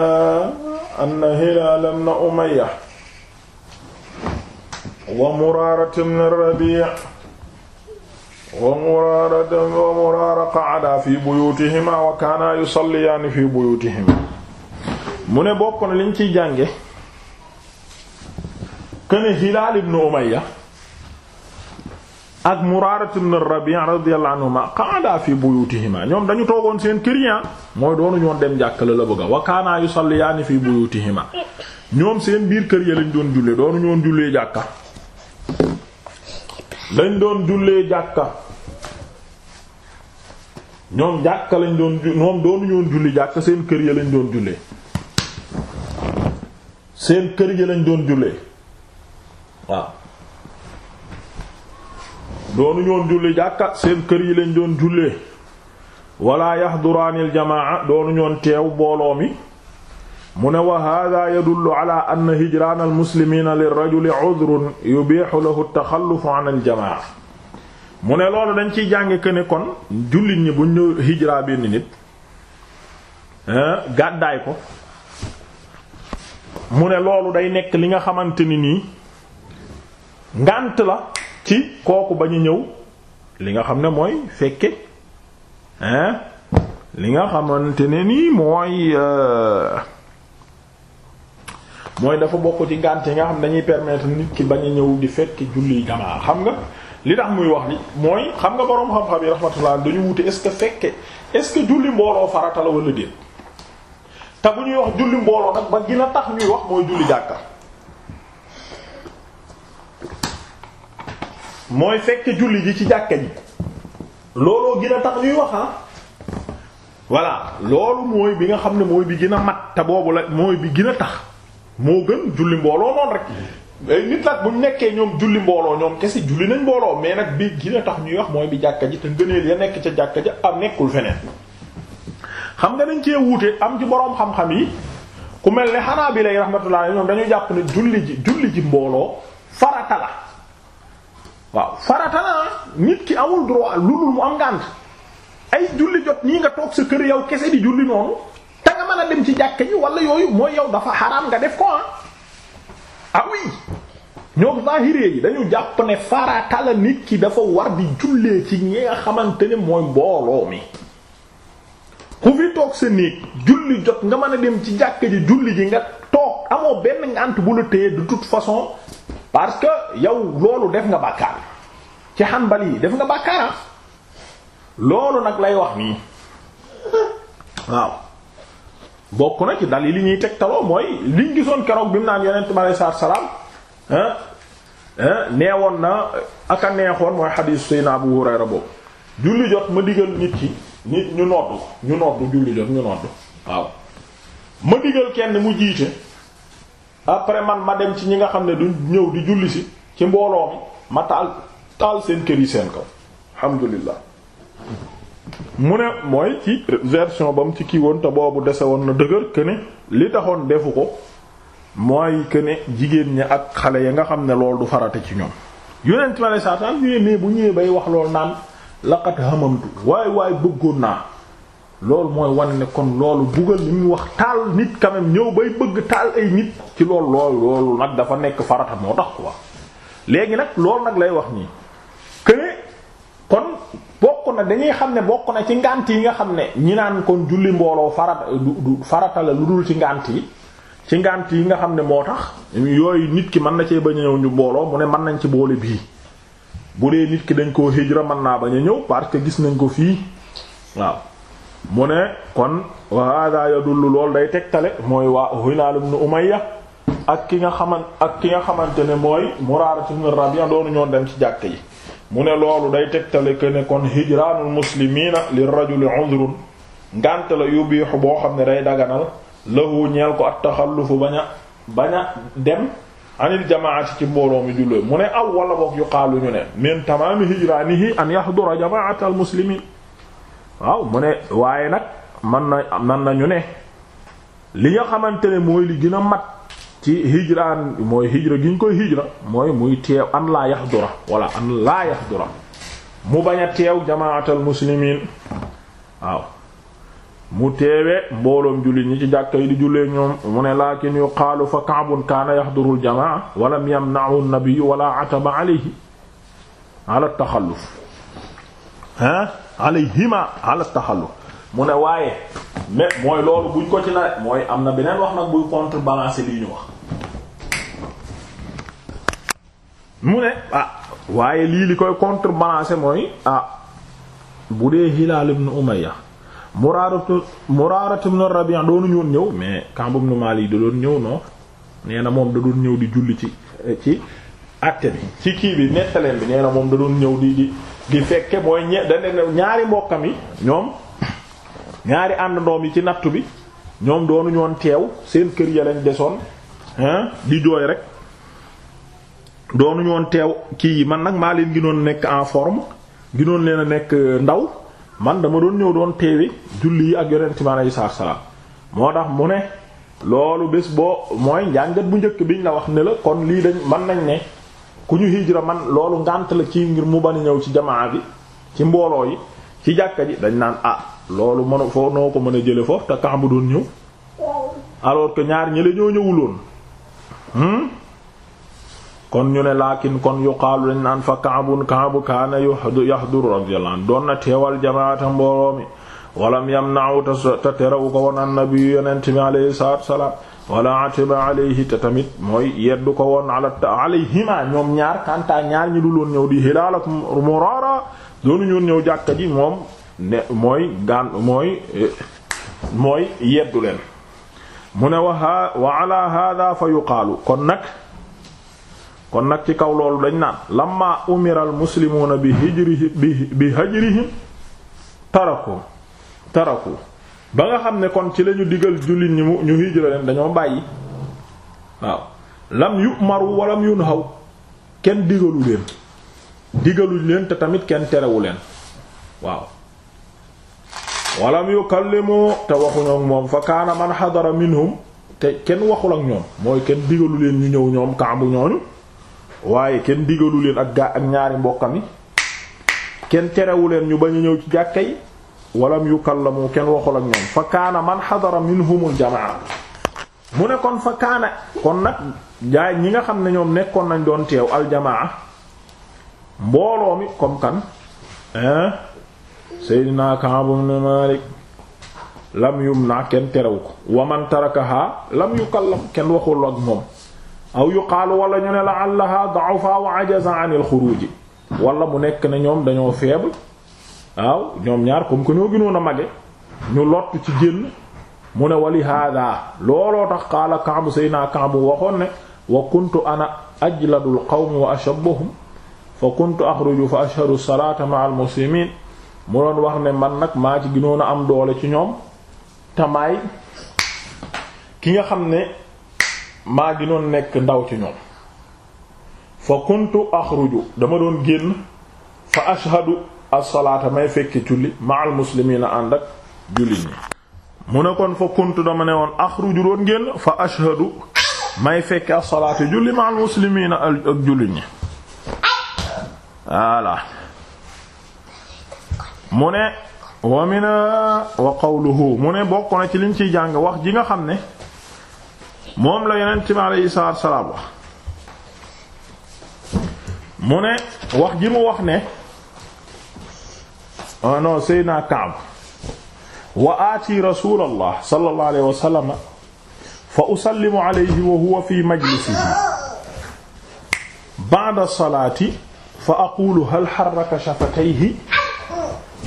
anna Hilaal ibn Umayya wa Muraara ibn Rabii' wa Muraara wa Muraara qa'ada fi buyutihimaa wa kaana yusalliyaani fi buyutihimaa mu ne bokk na liñ ciy jànge këne Hilaal ibn ak Muraara ibn Rabii' radiyallahu anhumaa qa'ada fi buyutihimaa ñoom dañu toogoon seen kër yi mooy doonu ñoon dem jàkka la la bëgg wa kaana yusalliyaani fi buyutihimaa ñoom seen biir kër ya lañ doon jullee doonu ñoon jullee jàkka dañ doon jullee jàkka ñoom jàkka lañ doon ñoom doonuñu woon julli jàkka seen kër yi lañ doon jullee seen kër ya lañ doon jullee waaw doonuñu woon julli jàkka seen kër yi lañ doon jullee wala yahduraanil jamaa doonuñu woon teew booloo mi mu ne wa hada yadullu ala ann hijraan almuslimina lirajuli udrun yubiixu lahu taxallufu an aljamaa mu ne loolu dañ ciy jànge que ne kon jullit ñi bu ñu hijra benn nit gàddaay ko mu ne loolu day nekk li nga xamante ni nii ngànt la ci kooku ba ñu ñëw li nga xam ne mooy fekke li nga xamante ne nii mooy euh, mooy dafa bokk ci ngànt yi nga xam dañuy permettre nit ki bañ a ñëw di fekk julli jamaa xam nga li tax muy wax li mooy xam nga boroom xam-xam yi rahmatullah dañu wute est-ce que fekke est-ce que julli mbooloo farata la wala déet te bu ñuy wax julli mbooloo nag ba gën a tax ñuy wax mooy julli jàkka mooy fekke julli ji ci jàkka ji looloo gën a tax ñuy wax ah voilà loolu mooy bi nga xam ne mooy bi gën a mat te boobu la mooy bi gën a tax moo gën julli mbooloo noonu rek ay nit nag bu ñu nekkee ñoom julli mbooloo ñoom kese julli nañ mbooloo mais nag bi gën a tax ñuy wax mooy bi jàkka ji te ngëneel ya nekk ca jàkka ja am nekkul feneen xam nga dañ cee wuute am ci boroom xam-xam yi ku mel ne xanaa bi lay rahmatullah ñoom dañu jàpp ne julli ji julli ji mbooloo farata la waaw farata la nit ki amul droit lu dul mu am ngànt ay julli jot nii nga toog sa kër yow kese di julli noonu a dem ci jàkk ji wala yooyu mooy yow dafa xaraam nga def ko ah. ah oui ñoom zahiré yi dañu jàpp ne farata la nit ki dafa war di jullee ci ñi nga xamante ne mooy mbooloo mi ku fi toog sa néeg julli jot nga mën a dem ci jàkk ji julli ji nga toog amoo benn ngànt bu la téye de toute façon parce que yow loolu def nga bàkkaar ci xanbal yi def nga bàkkaara ah. loolu nag lay wax nii waaw bokk na ci dal yi li ñuy tegtaloo mooy liñ gisoon keroog bi mu naan yeneen bi aleyhi salaatu salaam neewoon na ak a neexoon mooy xadiis Seydina Abu Hurayra boobu julli jot ma digal nit ki nit ñu nodd ñu nodd julli jot ñu nodd waaw ma digal kenn mu jiite après man ma dem ci ñi nga xam ne du ñëw di julli si ci mbooloo mi ma taal taal seen kër yi seen kaw alhamdulillah mu ne mooy ci version ba ci kii woon te boobu dese woon na dëgër que ne li taxoon defu ko mooy que jigéen ñi ak xale yi nga xam ne loolu du farata ci ñoom yonent ma ne saataan ñëwee bu ñëwee bay wax loolu naan laqat hamamtu waay waay bëggoon naa loolu mooy wan ne kon loolu bugal li muy wax taal nit quand ñëw bay bëgg taal ay nit ci loolu loolu loolu nag dafa nekk farata moo tax ko quoi léegi nag loolu nag lay wax nii que kon bokk na dañuy xam ne bokk na ci ngànt yi nga xam ne ñi naan kon julli mbooloo farata du farata la lu dul ci ngànt yi ci ngànt yi nga xam ne moo tax yooyu nit ki mën na cee bañ a ñëw ñu mbooloo mu ne mën nañ ci boole bii bu dee nit ki dañ koo hijra mën naa bañ a ñëw parce que gis nañ ko fii waaw mu ne kon wa hada yadullu lool day tegtale mooy waa Hilaal ibn Umayya ak ki nga xaman ak ki nga xamante ne mooy Muraara ibn Rabi'a doonu ñoo dem ci jàkk yi mu ne loolu day tegtale que ne kon hijraanul muslimiina li rajuli udhrun ngànt la yubiixu boo xam ne day daganal lahu ñeel ko at taxallufu bañ a bañ a dem anil jamaati ci mbooloo mi jullee mu ne aw wala boog yuqaalu ñu ne min tamaami hijraanihi an yahdura jamaata al muslimiin waaw mu ne waaye nag man na man nañu ne li nga xamante ne mooy li gën a mat ci hijraan mooy hijra gi ñu koy hijra mooy muy teew an laa yahdura walla an laa yahdura mu bañ a teew jamaatal muslimiin waaw mu teewee mbooloom jullit ñi ci jàkka yi di jullee ñoom mu ne laakin yuqaalu fa kaabun kaana yahdurul jamaa walam yamna'u nabiyyu wala ataba alayhi ala taxalluf ah alayhima ala taxalluf mu ne waaye mais mooy loolu buñ ko ci na mooy am na beneen wax nag buy contrebalancer lii ñu wax mu ne ah waaye lii li koy contre contrebalancer mooy ah bu dee Hilaal ibn Umayya Muraaratu Muraaratu ibn Rabi' doonuñu woon ñëw mais Ka'b ibn Maalik da doon ñëw non nee na moom da doon ñëw di julli ci ci acte bi kii bi bi nee na moom da doon ñëw di di di fekke mooy ñe da ñaari mbokkam yi ñoom ñaari àndandoom yi ci nattu bi ñoom doonuñu woon teew seen kër ya lañ desoon hein di jooy rek. doonuñu woon teew kii yi man nag maa leen ginoon nekk en forme ginoon leen a nekk euh, ndaw man dama doon ñëw doon teewe julli yi ak yonent mi aleyhi salaatu salaam moo tax mu ne loolu bés boo mooy njàngat bu njëkk biñ la wax ne la kon lii dañ man nañ ne ku ñu hijra man loolu ngànt la ci ngir mu bana ñëw ci jamaa bi ci mbooloo yi ci jàkka ji dañ naan ah, a loolu mënu foo noo ko mën a jële foofu te bu doon ñëw alors que ñaar ñi la ñoo ñëwuloon hmm? kon ñu ne laakin kon yuqaalu dañ naan fa kaabun kaabu kaana yahduru radiyallahu anhu doon na teewal jamaata walam yamna'u te terawu ko woon annabi yonent bi wa salaam wala atiba alayhi te tamit mooy yeddu ko woon ala ñaar kantaa ñaar ñi dul woon ñëw di Hilaal Muraara doonu ñoon ñëw jàkka ji moom ne mooy gaan mooy mooy wa ala fa yuqaalu kon nag kon nag ci kaw loolu dañ naan lamma bi al muslimuuna bi hijrihi bi hajrihim taraku taraku ba nga xam ne kon ci lañu digal jullit ñi mu ñu hijra leen dañoo bàyyi waaw lam yu'maru walam yunhaw kenn digalu leen digaluñ leen te tamit kenn terewu leen waaw walam yukallimu te waxuñoo moom fa kaana xadara minhum te kenn waxul ak ñoom mooy kenn digalu leen ñu ñëw ñoom kaabu ñooñu waaye kenn digalu leen ak gaa ak ñaari mbokkam yi kenn terewu leen ñu bañ a ñëw ci jàkka yi walam yukallamu kenn waxul ak ñoom fa kaana man xadara minhumul jamaa mu ne kon fa kaana kon nag jaay ñi nga xam ne ñoom nekkoon nañ doon teew aljamaa mbooloo mi comme kan Seydina Ka'b ibn Malik lam yumna kenn terewu ko waman tarakaha lam yukallam kenn waxul ak moom aw xaal wala ñu ne la allaha da'ufa wa ajaza anil xuruji wala mu nekk ne ñoom dañoo faible waaw ñoom ñaar comme que ñoo gënoon mage ñu lott ci génn mu ne wali hada looloo tax qaala Ka'b sayna Ka'b waxoon ne wa kuntu ana ajladul qawmi wa ashabbahum fa kuntu axruju fa ashharu salata ma'al muslimin mu doon wax ne man nag maa ci gënoon am doole ci ñoom tamaay ki nga xam ne maa gi noon nekk ndaw ci ñoom fa kuntu axruju dama doon génn fa ashhadu as-salaata may fekki julli ma'al muslimiina ànd ak jullit ñi mu ne kon fa kuntu dama ne woon axruju doon génn fa ashhadu may fekki as-salaata julli ma'al muslimiina ak jullit ñi voilà mu ne wa wa qawluhu mu ne bokk na ci liñ ciy jàng wax ji nga xam ne moom la yonent bi aleyhi salaatu salaam wax mu ne wax ji mu wax ne ah non Seydina Kaab wa aati rasulallah sallallahu alayhi wa sallam fa usallimu alayhi wa huwa fi majlisihi ba'da salaati fa aqulu hal harraka shafatayhi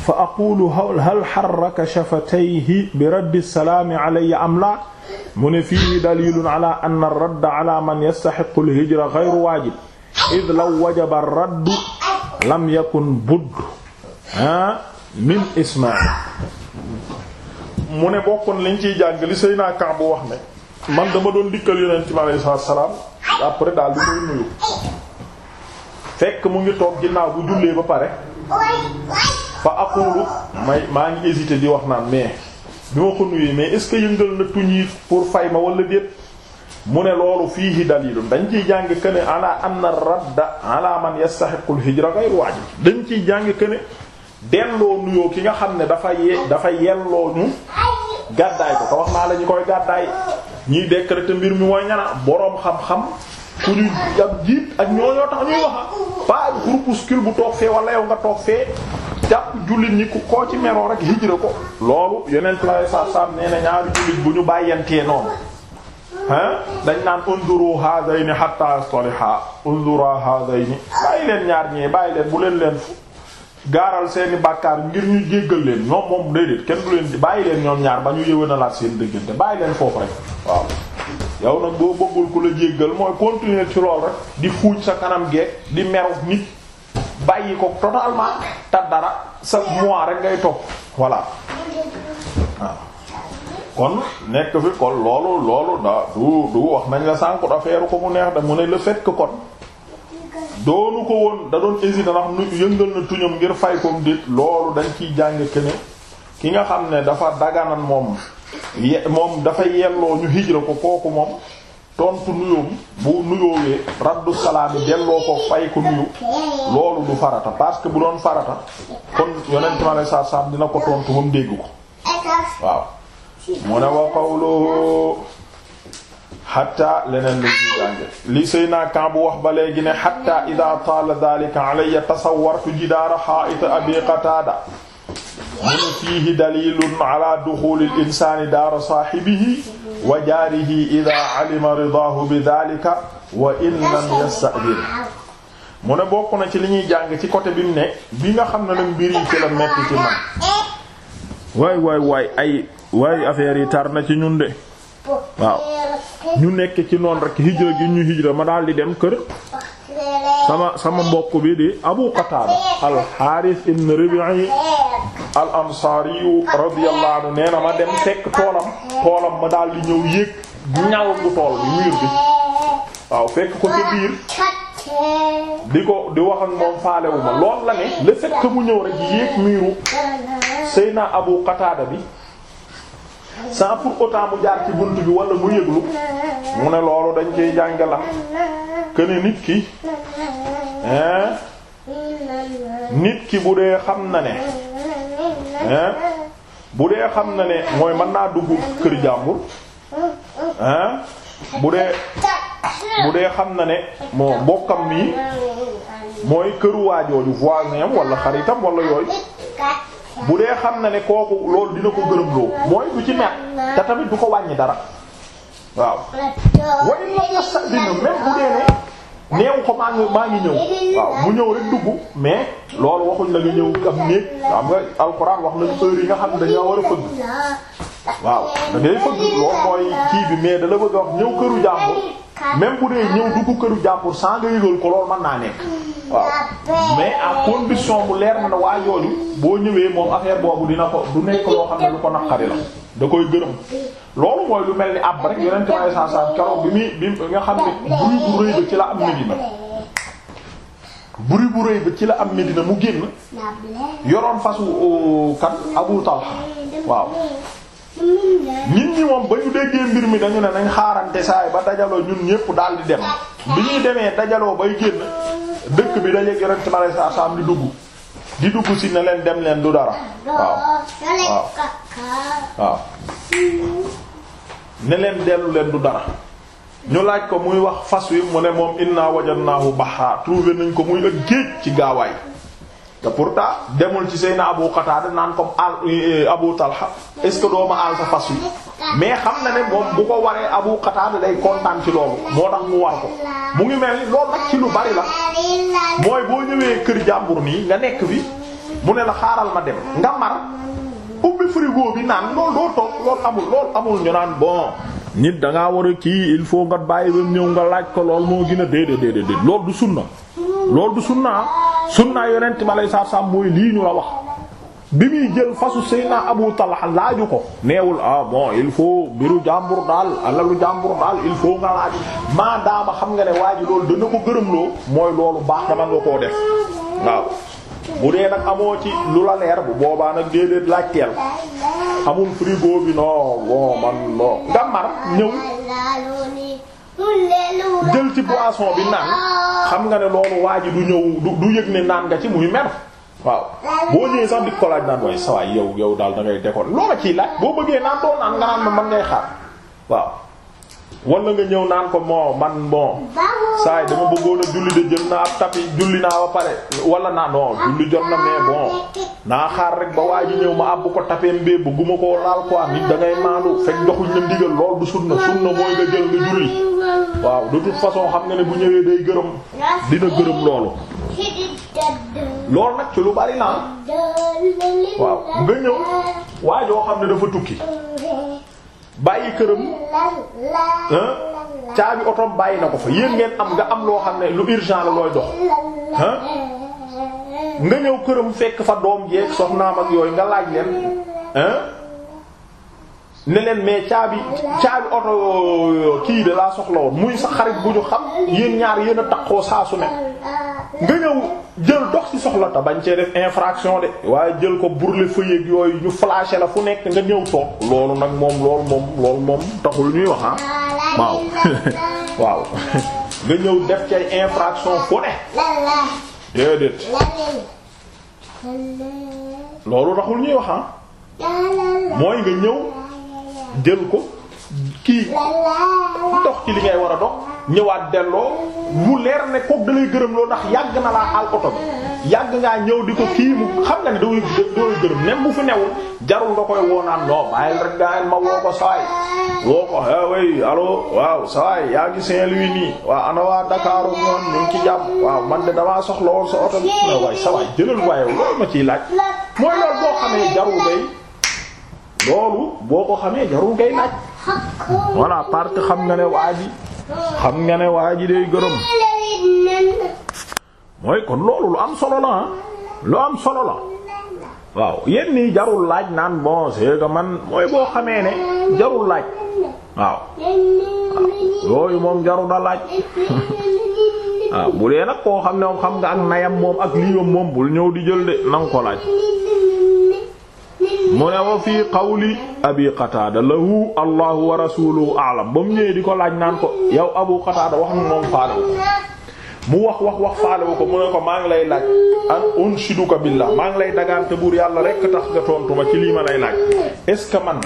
fa aqulu hal harraka shafatayhi bi raddi salaami alayya am laa mu ne fii dalilun ala anna ar-radd ala man yastahiqqu al-hijra ghayru waajib id law wajaba ar-radd lam yakun budd ah min ismail mu ne bokkoon liñ ciy jàng li sëy naa Kaab wax ne man dama doon dikkal yonent bi après daal di koy nuyu fekk mu ngi toog ginnaaw bu jullee ba pare fa aqulu may maa ngi hésité di wax naan mais bi ma ko nuyee mais est-ce que yëngal na tuñ yi pour fay ma wala déet mu ne loolu fiihi dalilun dañ ciy jàng que ne am anna radda ala man yastahiqul hijra ghayru waajib dañ ciy jàng que ne delloo nuyoo ki nga xam ne dafa ye dafa yelloo ñu gàddaay ko te wax naa la koy gàddaay ñiy décréter mbir mi mooy ñana boroom xam-xam ku ñu ab jiit ak ñooñoo tax ñuy wax pas groupuscule bu toog fee wala yow nga toog fee jullit ñi ku koo ci meroo rek hijra ko loolu yeneen lay sa sam nee ñaari jullit bu ñu bàyyantee noonu ah dañ naan unduru hadayni hatta yastaliha undura hadayni bàyyi leen ñaar ñee bàyyi leen bu leen leen gaaral seeni bàkkaar ngir ñu jéggal leen ñoom moom déedéet kenn du leen bàyyi leen ñoom ñaar ba ñu yëwénalaat seen dëggante bàyyi leen foofu rek waaw yow nag boo bëggul ku la jéggal mooy continuer ci lool rek di fuuj sa kanam geeg di meru nit bàyyi ko totalement ta dara sa mois rek ngay topp voilà kon nekk fi kon loolu loolu da du du wax nañ la sànku affaire ko mu neex da mu ne la fekk que kon doonu ko woon da doon hésiter ndax nu yëngal na tuñam ngir fay koom dit loolu dañ ciy jàng kene ki nga xam ne dafa daganan moom moom dafa yelloo ñu hijra ko kooku moom tontu nuyoom bu nuyoowee raddu salaam yi delloo ko fay ko loolu du farata parce bu doon farata kon yonent ma saa saam dina ko tontu ba mu dégg ko wa qawluhu xatta leneen la ñuy jànge li Seyna Kamb wax ba léegi ne xatta ida taala dalika alayya tasawartu jidaara xaa'ita abi qataada mu ne fiihi dalilun ala duxuli l insaani daara wa jaarihi ida alima ridaahu bi dalika wa in lam yastadir mu ne bokk na ci li ñuy jàng ci côté bi mu ne bi nga xam ne nag mbir yi ci la metti man waay waay waay ay waay affaire yi tar na ci ñun de waaw ñu nekk ci noonu rek hijra gi ñu hijra ma daal di dem kër sama sama mbokk bi di Abu Qatada al-Harith ibn Rabi'i al-Ansari radiyallahu anhu ma dem fekk toolam toolam ma daal di ñëw yéeg ñaw bu tool bi mur bi waaw fekk ko ci biir di ko di wax ak moom faalewu lool la ne le fait mu ñëw rek yéeg miiru Seyna Abu Qatada bi sans pour autant mu jaar ci bunt bi wala mu yëglu mu ne loolu dañ ciy jànge la këne nit ki hein nit ki bu dee xam na ne hein bu dee xam na ne mooy mën naa dugg kër jàmbur hein bu dee bu dee xam na ne moo bokkam mi mooy këru waajooju voisin am wala xaritam wala yooyu bu dee xam na ne kooku loolu dina ko gërëm loo mooy du ci mer te tamit du ko wàññi dara waaw wa in lam yasta'dinu même bu dee ne neewu ko maa ngi maa ngi ñëw waaw mu ñëw rek dugg mais loolu waxuñ la ñëw am néeg xam nga alxuraan wax nañu heure yi nga xam ne dañoo war a fëgg waaw da ngay fëgg loolu mooy kii bi mais da la bëgg a wax ñëw këru jàmbur même bu dee ñëw dugg këru jàmbur sans nga yëgal ko loolu mën naa nekk waaw mais à condition bu leer ma na ne waa yooyu boo ñëwee moom affaire boobu dina ko du nekk loo xam ne lu ko naqari la da koy gërëm loolu mooy lu mel ni àbb rek yonent bi saa saa keroog bi muy bi nga xam ne bruit bu rëy ba ci la am Medina bruit bu rëy ba ci la am Medina mu génn yoroon fasu euh, kan Abu Talha waaw nit ñi moom ba ñu déggee mbir mi dañu ne nañ xaarante saay ba dajaloo ñun ñépp daal di dem bi ñuy demee dajaloo bay génn dëkk bi dajeek yonent bi saa saa am di dugg di dugg si ne leen dem leen du dara waaw waaw waaw ne leen dellu leen du dara ñu laaj ko muy wax fas wi mu ne moom inna wajadnaahu baha trouvé nañ ko muy ak géej ci gaawaay te pour pourtant demul ci seyna Abu Qatada naan ko al eh, eh, Abu Talha est-ce que sa fas wi mais xam na ne moom bu ko waree Abu Qatada lay kontaan ci loolu moo tax mu war ko mu ngi mel ni loolu ci lu bari la mooy boo ñëwee kër jàmbur nii nga nekk bi mu ne la xaaral ma dem nga mar ubbi frigo bi naan loolu doo toog loolu amul loolu amul ñu naan bon. nit da war a kii il faut nga bàyyi ba ñëw nga laaj ko lool moo gën a déedéet déedéet loolu du sunna loolu du sunna sunna yonent ma lay saaf saaf lii ñu la wax. bi muy jël fasu Seyna Abu Talha laaju ko neewul ah bon il faut biru jàmbur daal alalu jàmbur daal il faut nga laaj maadaama xam nga ne waa ji loolu dana ko gërëmloo mooy loolu baax dama nga koo def waaw bu dee nag amoo ci lu la leer bu boobaa nag déedéet laaj teel amul frigo bi non bon man non nga mar ñëw jël ci boisson bi naan xam nga ne loolu waa ji du ñëw du yëg ne naan nga ci muy mer waaw boo ñëwee sax di ko naan waaye sawaay yow yow daal da ngay décoller loola laaj boo bëggee naan doo naan nga naan ma man ngay xaar waaw wala nga ñëw naan ko moo man bon saa yi dama bëggoon a julli de jël naa tapi julli naa ba pare wala naa non julli jot na mais bon naa xaar rek ba waa ji ñëw ma àbb ko tapeem bee bëgguma ko laal am nit da ngay maandu fekk joxuñ la ndigal lool du sunna sunna mooy nga jël nga julli waaw de façon xam nga ne bu ñëwee day gërëm dina gërëm loolu loolu nag ci lu bari naa waaw nga ñëw waa xam ne dafa tukki bàyyi këram caabi otom bàyyi na ko fa yéen ngeen am nga am loo xam ne lu urgent la looy dox nga ñëw këram fekk fa doom jeeg naa ak yooyu nga laaj leen ne leen mais caabi caabi oto kii de laa soxla woon muy sa xarit bu ñu xam yéen ñaar yéen a takkoo saa su ne nga ñëw jël dox ci soxla ta bañ cee def infraction de waaye jël ko brûler feuille yooyu ñu flashé la fu nekk nga ñëw toog loolu nag moom loolu moom loolu moom taxul ñuy wax ah waaw nga ñëw def cay infraction fu ne déedéet loolu taxul ñuy wax ah mooy nga ñëw jël ko kii dox ci li ngay war a dox ñëwaat delloo mu leer ne kook da lay gërëm loo ndax yàgg na laa al oto bi yàgg ngaa ñëw di ko kii mu xam nga ne doo doo gërëm même bu fi newul jarul nga koy woonaan non bàyyil rek gaa ma woo ko sawaay woo ko eh, way allo waaw sawaay yaa ngi Saint-Louis nii waaw ana waa Dakar ñoom ñu ngi ci jàmm waaw man de damaa soxla woon sa oto bi waay sawaay jëlal waaye loolu ma ciy laaj mooy loolu boo xamee jarul day loolu boo ko xamee jarul ngay laaj voilà parce xam nga ne waa ji xam nga ne waa ji day gërëm mooy kon loolu lu am solo la ah. lu am solo la waaw yenn nii jarul laaj naan bon c'est man mooy boo xamee ne jarul laaj waaw yooyu moom jaru a laaj waaw bu dee nag koo xam ne moom xam nga ak nayam moom ak lii moom bul ñëw di jël de nanga ko laaj mu ne wa fii qawli abi xataada lahu allahu wa rasuluhu a'lam ba mu ñëwee di ko laaj naan ko yow abu xataada wax na moom faale wu ko mu wax wax wax faale wu ko mu ne ko maa ngi lay laaj ak an unshiduka billah maa ngi lay dagaante buur yàlla rekk tax nga tontu ma ci lii ma lay laaj est man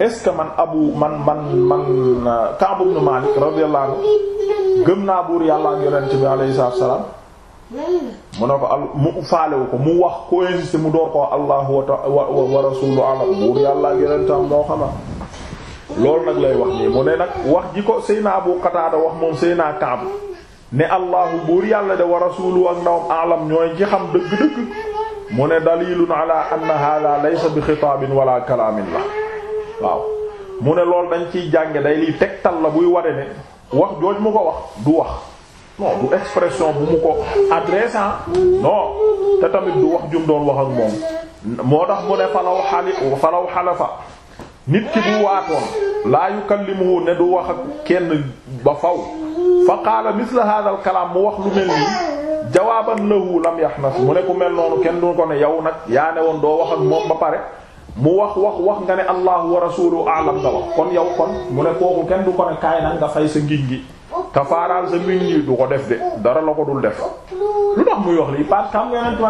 est man abu man man man Ka'b ibn Malik radiyallahu gëm naa buur yàlla ak yonent bi alayhi salaam mu ne ko al mu faalewu ko mu wax ko insisté mu door ko allahu wa wa rasulu alam buur yàllaa yonentam moo xama loolu nag lay wax nii mu ne nag wax ji ko naa Abu Qatada wax moom naa Kaab ne allahu buur yàlla de wa rasulu ak ndawam alam ñooy ji xam dëgg-dëgg mu ne dalilun ala anna hada bi xitaabin wala kalaamin la waaw mu ne loolu dañ ciy jànge day liy tegtal la buy ware ne wax jooj mu ko wax du wax non du expression bu mu ko adresse ah. non te tamit du wax jum doon wax ak moom moo tax mu ne falaw xali falaw xalafa nit ki bu waatoon laa yukallimuhu ne du wax ak kenn ba faw fa qaala misla hadha al kalam mu wax lu mel nii jawaaban lahu na yahnas mu ne ku mel noonu kenn du ko ne yow nag yaa ne woon doo wax ak moom ba pare mu wax wax wax nga ne allahu wa rasuluhu a'lam nga wax kon yow kon mu ne kooku kenn du ko ne kaay nag nga fay sa ngig gi kafaaraal sa mbiñ lii du ko def de dara la ko dul def lu tax muy wax lii parce que xam nga yonent bi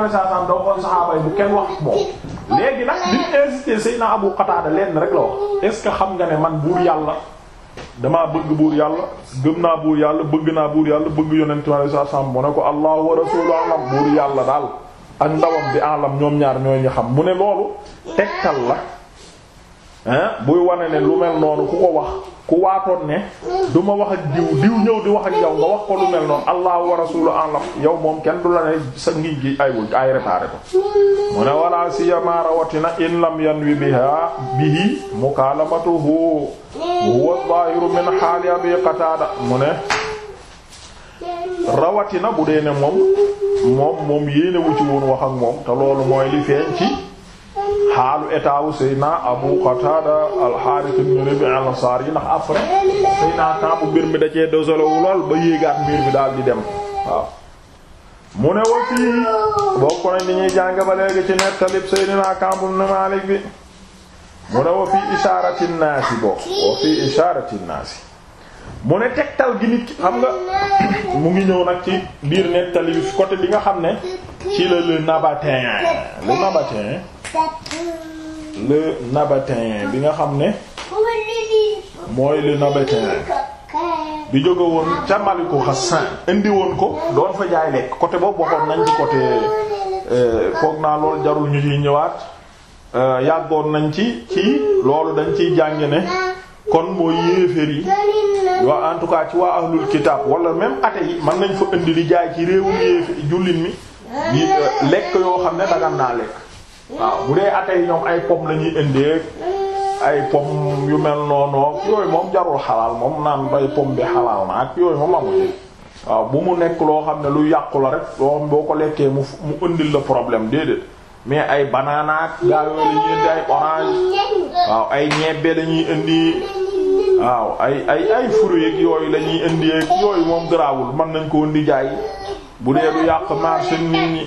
doo xool saxaaba yi bu kenn wax moom léegi nag bi mu insisté Seydina Abu Qatada lenn rek la wax est ce que xam nga ne man buur yàlla damaa bëgg buur yàlla gëm naa buur yàlla bëgg naa buur yàlla bëgg yonent bi sallallahu alayhi wasallam mu ne ko allahu wa rasuluhu alam buur yàlla daal ak ndawam bi alam ñoom ñaar ñooy ñu xam mu ne loolu tegtal la buy wane ne lu mel noonu ku ko wax ku waatoon ne du ma wax ak diw diw ñëw di wax ak yow nga wax ko lu mel noonu allahu wa rasulu alam yow moom kenn du la ne sa ngi gi aywul ay réparé ko mu ne wala siyama rawatina in lam yanwi biha bihi mukalamatuhu huwa zahiru min haali abi qatada mu ne rawatina bu dee ne moom moom moom yéene wu woon wax ak moom te loolu mooy li feeñ ci xaalu état wu Seyna Abu Qatada al-Harith ibn Rabi' al-Ansari ndax après Seyna temps mbir mi da cee dosolowu lool ba yéegaat mbir mi daal di dem waaw. mu ne wa fii bokk nañ ni ñuy jàng ba léegi ci nettalib Seydina Kaab ibn Maalik bi mu ne wa fii ishaarati naasi bokk mu ne tegtal gi nit xam nga mu ngi ñëw nag ci biir nettali bi côté bi nga xam ne ci la le nabatéen le nabatéen le nabatéen bi nga xam ne mooy le nabatéen bi jóge woon ca Maliku Ghassan indi woon ko doon fa jaay lekk côté boobu waxoon nañ ci côté euh, foog naa lool jarul ñu ciy ñëwaat euh, yàggoon nañ ci ci loolu dañ ciy jàng ne kon mooy yéeféer yi waa en tout cas ci waa ahlul kitab wala même athée yi mën nañ fa indi li jaay ci réewum yéeféer jullit mi euh, lekk yoo xam ne dagan naa lekk waaw bu dee atay ñoom ay pom la ñuy indee ay pom yu mel noonu yooyu moom jarul xalaal moom naan bay pom bi xalaal na ak yooyu moom amu ci waaw bu mu nekk loo xam ne lu yàqu la rek loo xam boo ko lekkee mu mu indil la problème déedéet mais ay banana ak gaa yooyu la ay orange waaw ay ñebbe la ñuy indi waaw ay ay ay yi yooyu la ñuy indi yooyu moom garaawul mën nañ ko indi jaay. bu dee du yàq marché nit ñi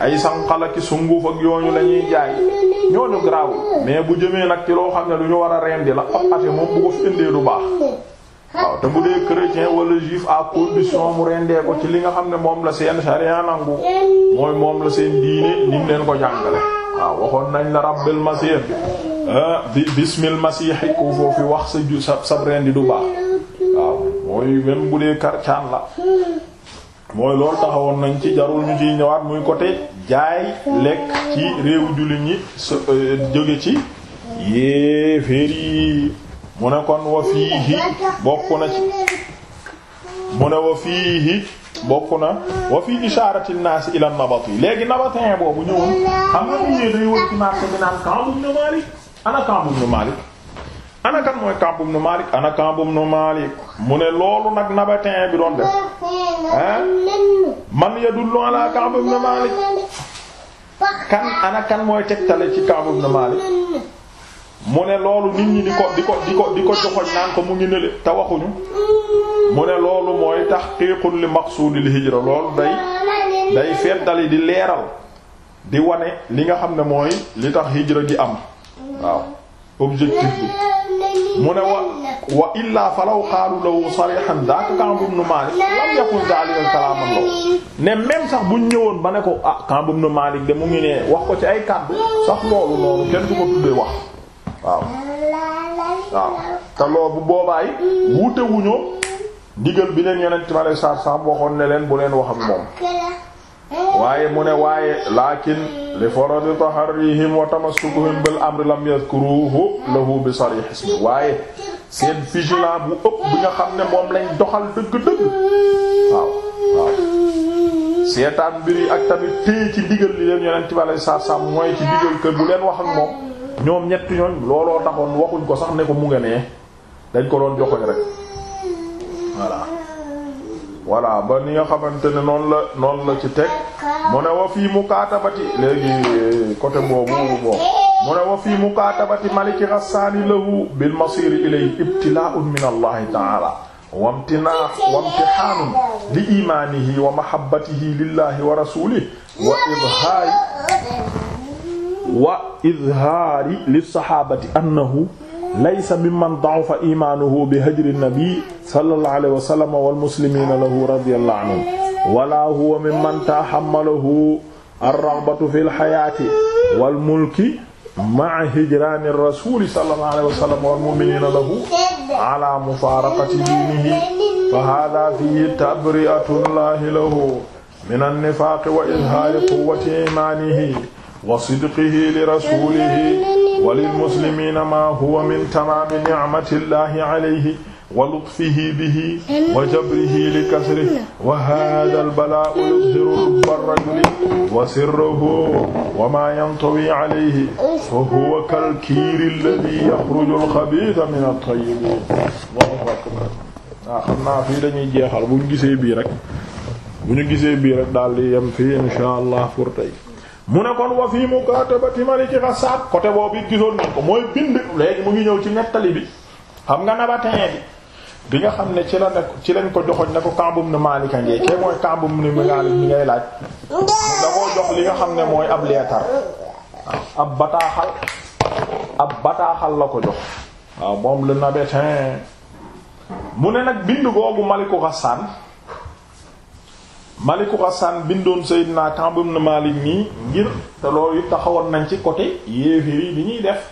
ay sanqala ki sunguf ak yooyu lañuy ñuy jaay ñooñu garaawul mais bu jëmee nag ci loo xam ne lu ñu war a rendi la ab ate moom bu ko fi du baax waaw te bu dee chrétien wala juif à condition mu rendee ko ci li nga xam ne moom la seen charia nangu mooy moom la seen diine nim leen ko jàngale waaw waxoon nañ la rabbil masih ah, bi bismil masihi ku foofu wax sa ju sa sab rendi du baax waaw mooy même bu dee karcaan la mooy loolu taxawoon nañ ci jarul ñu ciy ñëwaat muy côté jaay lekk ci réew jullit ñi sa euh, jóge ci yéeféer yi mu ne kon wa fiihi bokk na ci mu ne wa fiihi bokk na wa fii isharati an-nas ila nabat yi léegi nabatin boobu ñëwoon xam nga ñu ñëw day wër ci marché bi naan Ka'b ibn Malik ana Ka'b ibn Malik ana kan mooy Kaab ibn Malik ana Kaab ibn mu ne loolu nag nabatin bi doon def ah man yadullu ala Kaab ibn Malik kan ana mooy tegtale ci Kaab ibn mu ne loolu nit ñi di ko di ko di ko di ko joxoñ naan ko mu ngi nële te waxuñu mu ne loolu mooy tahqiqun li maqsudil hijra loolu day day feddali di leeral di wane li nga xam ne mooy li tax hijra gi am waaw objectif bi mu ne wa wa illaa falaw qaalu lahu sarihan daaka Kaab ibn Maalik lam yaqul zaalika kalaaman law ne même sax bu ñëwoon ba ne ko ah Kaab ibn Maalik de mu ngi ne wax ko ci ay kàddu sax loolu noonu kenn du ko tuddee wax waaw. waaw te loolu bu boobaay yi wuute wuñu bi leen yonent ma lay saar saam waxoon ne leen bu leen wax ak moom. waaye mu ne waaye lakin li faradi taharrihim wa tamassukuhum bil amri lam yadhkuruhu lahu bi sarih ismi waaye seen vigilant bu ëpp bi nga xam ne moom lañ doxal dëgg-dëgg waaw waaw seetaan mbir yi ak tamit téye ci digal li leen yonent bi alayhi salaam mooy ci digal kër bu leen wax ak moom ñoom ñett ñooñ looloo taxoon waxuñ ko sax ne ko mu nga nee dañ ko doon joxoñ rek voilà voilà ba ni nga xamante ne noonu la noonu la ci teg mu ne wa fii mukaatabati léegi eh, côté boobu boobu mu ne wa fii mukaatabati maliki Ghassaani lahu bil masiri ilayhi ibtilaa'un min allahi ta'ala wamtinaa wamtihaanun li imaanihi wa mahabbatihi lillahi wa rasulihi wa wa idhaari lis laysa mimman da'ufa imaanuhu bi hajri nabi sallallahu alayhi wa sallam wal muslimiina lahu radiyallahu anhum wala huwa mimman tahammalahu ar-raghbatu fil hayaati wal mulki ma'a hijraani rasuuli sallallahu alayhi wa sallam wal mu'miniina lahu ala mufaaraqati diinihi fa haadaa fiihi tabri'atullahi lahu mina nifaaqi wa izhaari quwwati iimaanihi wa sidqihi li rasuulihi walil muslimiina maa huwa min tamaami ni'matillahi alayhi wa lutfihi bihi wa jabrihi li kasrihi wa haadhal balaa'u yuzhiru lubba rajuli wa sirrahu wa maa yantawi alayhi fa huwa kal kiiri alladhii yakhruju al-khabiitha mina at-tayyibiin. Allahu akbar. waaw xam naa fii dañuy jeexal bu ñu gisee bii rek bu ñu gisee bii rek daal di yem fii inshaa Allah pour tey. mu ne kon wa fii mukatabati maliki Ghassan côté boobu it gisoon nañ ko mooy bind léegi mu ngi ñëw ci nettali bi xam nga nabatin bi bi nga xam ne ci la nekk ci lañ ko joxoñ ne ko kambum ne Maalika ngee ke mooy kambum ne Maalik mi ngay laaj da koo jox li nga xam ne mooy ab leetar ab bataaxal ab bataaxal la ko jox waaw moom la nabatin mu ne nag bind googu maliku Ghassan maliku Ghassan bindoon Seydina Ka'b ibn Malik nii ngir te loolu it taxawoon nañ ci côté yéeféer yi bi ñuy def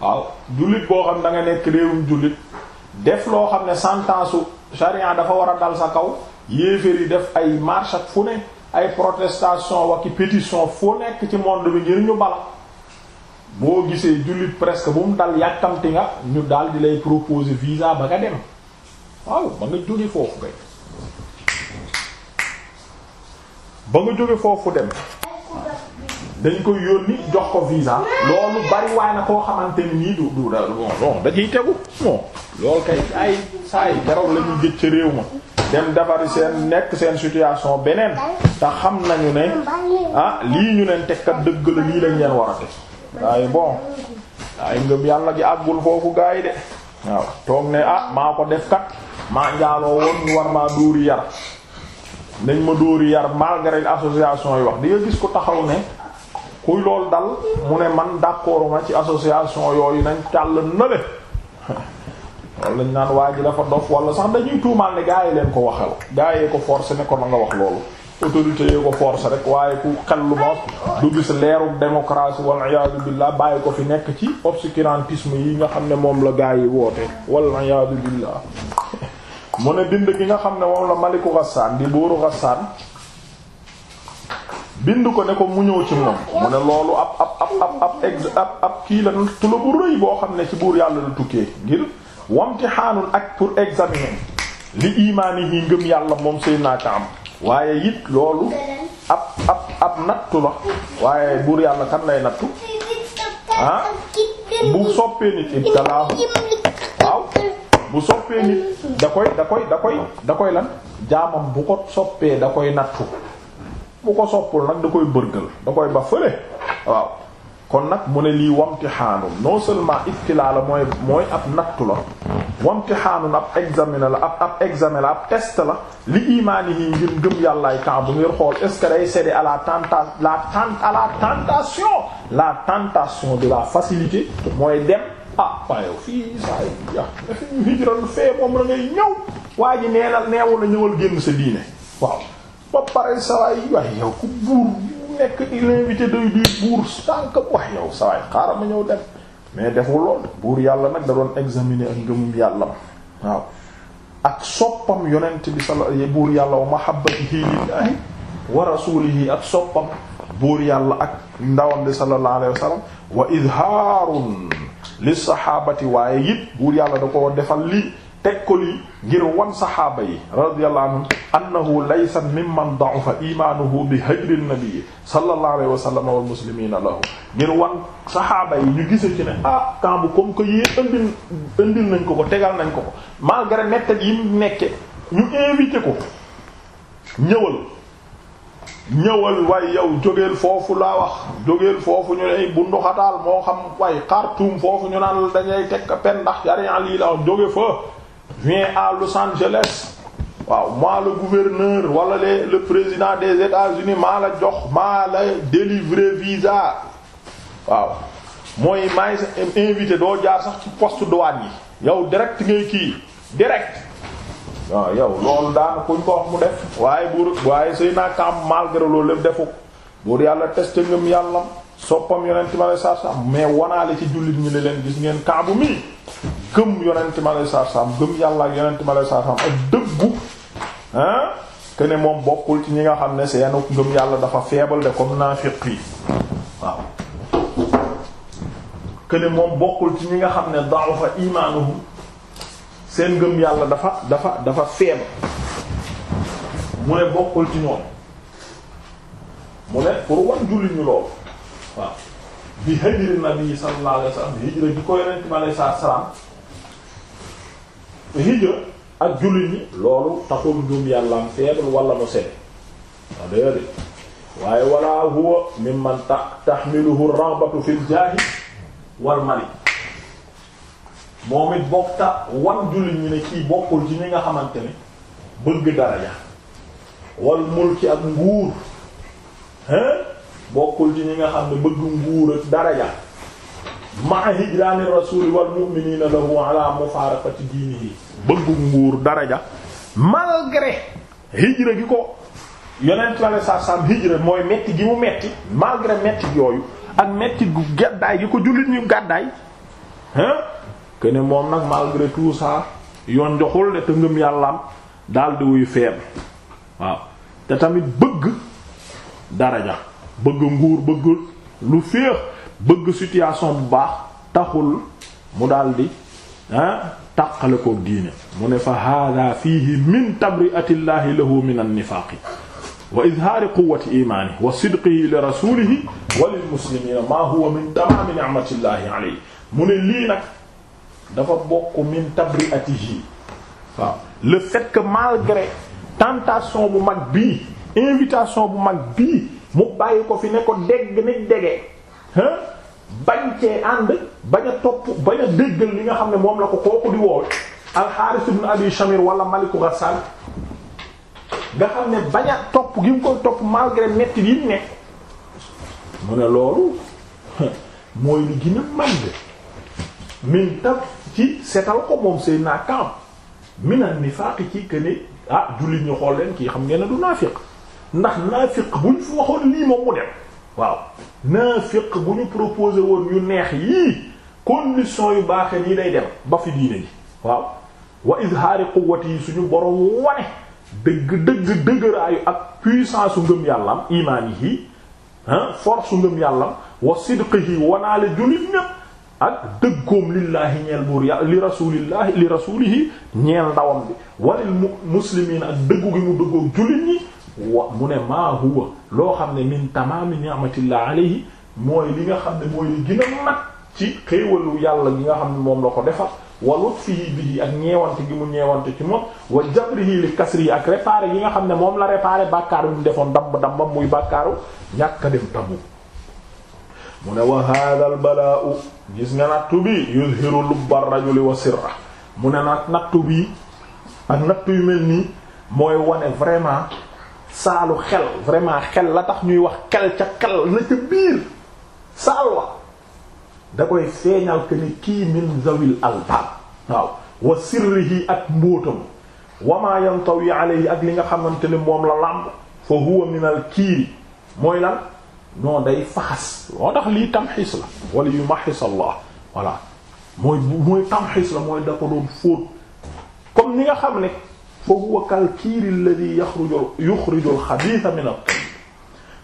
waaw jullit boo xam da nga nekk réewum jullit def loo xam ne sentence su charia dafa war a dal sa kaw yéeféer yi def ay marche ak fu ne ay protestation waki pétition foo nekk ci monde bi ngir ñu bala boo gisee jullit presque bu mu dal yàkkamti nga ñu daal di lay proposer visa ba nga dem waaw ba nga jóge foofu kay ba nga jóge foofu dem dañ koy yónni jox ko visa loolu bari waay na koo xamante nii du du da dañuy bon da ciy tegu bon loolu kay ay saa yi jaraw la ñuy réew ma dem defari seen nekk seen situation beneen te xam nañu ne ah lii ñu leen teg kat dëgg la lii lañ leen war a teg waaye bon waaye ngëm yàlla ji àggul foofu gars yi de waaw toog ne ah maa ko def kat maa njaaloo woon war maa duuri yar nañ ma dóori yar malgré association yi wax di gis ko taxaw ne kuy loolu dal mu ne man d'accord ma ci association yooyu nañ tàll nële loolu lañ naan waa ji dafa dof wala sax dañuy tuumaal ne gaa leen ko waxal gaa yee ko force ne ko na nga wax loolu autorité yee ko forcé rek waaye ku xel lu ma du gis leeru démocratie wal iyaadu billah bàyyi ko fi nekk ci obscurantisme yi nga xam ne moom la gaa yi woote wal iyaadu billah mu ne bind gi nga xam ne moom la maliku bi bu buuru Ghassan bind ko ne ko mu ñëw ci moom mu ne loolu ab ab ab ab ab ab kii la tula bu rëy boo xam ne ci buur yàlla la tukkee ngir wamtihaanul ak pour examiner li imaani yi ngëm yàlla moom sëy naa ka am waaye it loolu ab ab ab nattu la waaye buur yàlla kan lay nattu ah bu soppee nit ibtalaahu waaw bu soppee nit da koy da koy da koy da koy lan jaamam bu ko soppee da koy nattu bu ko soppul nag da koy bërgël da koy ba fële waaw kon nag mu ne lii wamtixaanun non seulement ibtilaa la mooy mooy ab nattu la xaanu ab examen la ab ab examen la ab test la li imaani yi ngir gëm yàllaay temps bu ngir xool est-ce que day céder à la tenta la tent à la tentation la de la facilité mooy dem ah waaye fii saa yi ja hijral fee moom la ngay ñëw waa ji nee na neewu la ñëwal génn sa diine waaw ba pare saa yi yow ku buur nekk l'invité day di buur sànq waaye yow saa xaaral ma ñëw dem mais deful buur yàlla nag da doon examiner ak ngëmum yàlla ma waaw ak soppam yonent bi sala buur yàlla wa mahabbatihi lillahi wa rasulihi ak soppam buur yàlla ak ndawam bi sallallahu alayhi wa sallam wa idhaarun li saxaabati waaye it buur yàlla da ko defal lii teg ko lii ngir wan saxaaba yi radiyallahu anhum annahu laysa mimman da'ufa imaanuhu bi hajri nabi sallallahu alayhi wa sallam wal muslimina lahu ngir wan saxaaba yi ñu gise ci ne ah kambu comme que yee indil indil nañ ko ko tegal nañ ko ko malgré méthodes yi mu nekke ñu invité ko ñëwal ñëwal waaye yow jógeel foofu laa wax jógeel foofu ñu lay bu ndoxataal moo xam waaye Khartoum foofu ñu naan dañuy teg pen ndax jariñal yi la jóge fa viens à Los Angeles waaw maa la gouverneur wala le le président des États-Unis maa la jox maa la délivrer visa waaw mooy maay invité doo jaar sax ci poste douane yi yow direct ngay kii direct waaw yow loolu daan kuñ ko wax mu def waaye buur waaye suy naakaam malgré loolu lépp defu buur yàlla testé ngëm yàllam soppam yonent ma lay sarsam mais wanaale ci jullit ñi ne leen gis ngeen kaabu mii gëm yonent ma lay sarsam gëm yàlla ak yonent ma lay sarsam ak dëggu ah que moom bokkul ci ñi nga xam ne seenu ngëm yàlla dafa faible de comme naafiq fii waaw que ne moom bokkul ci ñi nga xam ne da'ufa imanuhum seen ngëm yàlla dafa dafa dafa feeb mu ne bokkul ci ñoom mu ne pour wan julli ñu loolu waaw bi hijri nabi sallallahu salaam hijra ak julli ñi loolu taxul ngëm yàllaam feebul wala mu sede waaw waaye wala huwa mimman tahmiluhu ar-raghbatu fil jaahi wal mali moom it bokta wan jullit ñi ne kii bokkul ci ñi nga xamante ne bëgg daraja wal mulki ak nguur hein bokkul ci ñi nga xam ne bëgg nguur ak daraja ma'a hijrani rasul wal mu'minina lahu ala mufaraqati diinihi bëgg nguur daraja malgré hijra gi ko yonent la sa sam hijra mooy metti gi mu metti malgré metti yooyu ak metti gu gàddaay gi ko jullit ñu gàddaay que ne moom nag malgré tout ça yoon joxul de te ngëm yàllaam daal di wuy feeb waaw te tamit bëgg daraja bëgg nguur bëgg lu féex bëgg situation bu baax taxul mu daldi di ah ko diine mu ne fa hada fiihi min tabriatillahi lahu min annifaaqi wa izhaari quwwati imaanihi wa sidqihi li rasuulihi wa lil muslimiina maa huwa min tamaami ni'matillahi mu ne lii nag dafa bokk min tabriatihi waaw le fait que malgré bu mag bii invitation bu mag bii mu bàyyi ko fi ne ko dégg nit dégee bañ cee ànd bañ topp bañ déggal li nga xam ne moom la ko kooku di woowe alxaaris ibn abi shamir wala maliku ghassan nga xam ne bañ a topp gi mu koy topp malgré metti yi mu nekk mu ne loolu mooy li gën a màgg ci seetal ko moom naa Kaab minan nifaaq ci que ne ah jullit ñu xool leen kii xam ngeen ne du naafiq ndax naafiq bu ñu fi waxoon lii moom mu dem waaw naafiq bu ñu proposé woon yu neex yii condition yu baaxee yi lay dem ba fi diine ji waaw wa izhaari quwwati yi suñu borom wane dëgg dëgg dëgëraayu ak puissance su ngëm yàllam imaanihi ah, force su ngëm yàllam wa sidqihi wanaale jullit ñépp ak dëggoom lillaahi ñeel buur ya li rasulillahi li rasulihi ñeel ndawam bi walil mu muslimiin ak dëggu gi mu dëggoog jullit ñi wa mu ne maa huwa loo xam ne min tamaami ni'matillah alayhi mooy li nga xam ne mooy li gën a mat ci xéewalu yàlla gi nga xam ne moom la ko defal wa lutfihi bihi ak ñeewante gi mu ñeewante ci moom wa jabrihi li yi ak réparé gi nga xam ne moom la réparé bàkkaaru mu defoon damb dambam muy bàkkaaru ñàkk dem Tabuk mune ne wa hada al gis nga nattu bi yuzhiru lubba rajuli wa sirra mu ne nag nattu bi ak nattu yu mel nii mooy wane vraiment saalu xel vraiment xel la tax ñuy wax xel ca xel na ca biir saal wa da koy feeñal que ni kii min zawil albaab waaw wa sirrihi ak mbóotam wa ma yantawi alayhi ak li nga xamante ne moom la làmb fa huwa min al kiiri mooy la non day faxas moo tax lii tamxis la wala yu maxis allah voilà mooy mooy tamxis la mooy da ko doon fóot comme ni nga xam ne fa huwa kal kiiri alladhi yaxruju yuxriju al xabiisa min at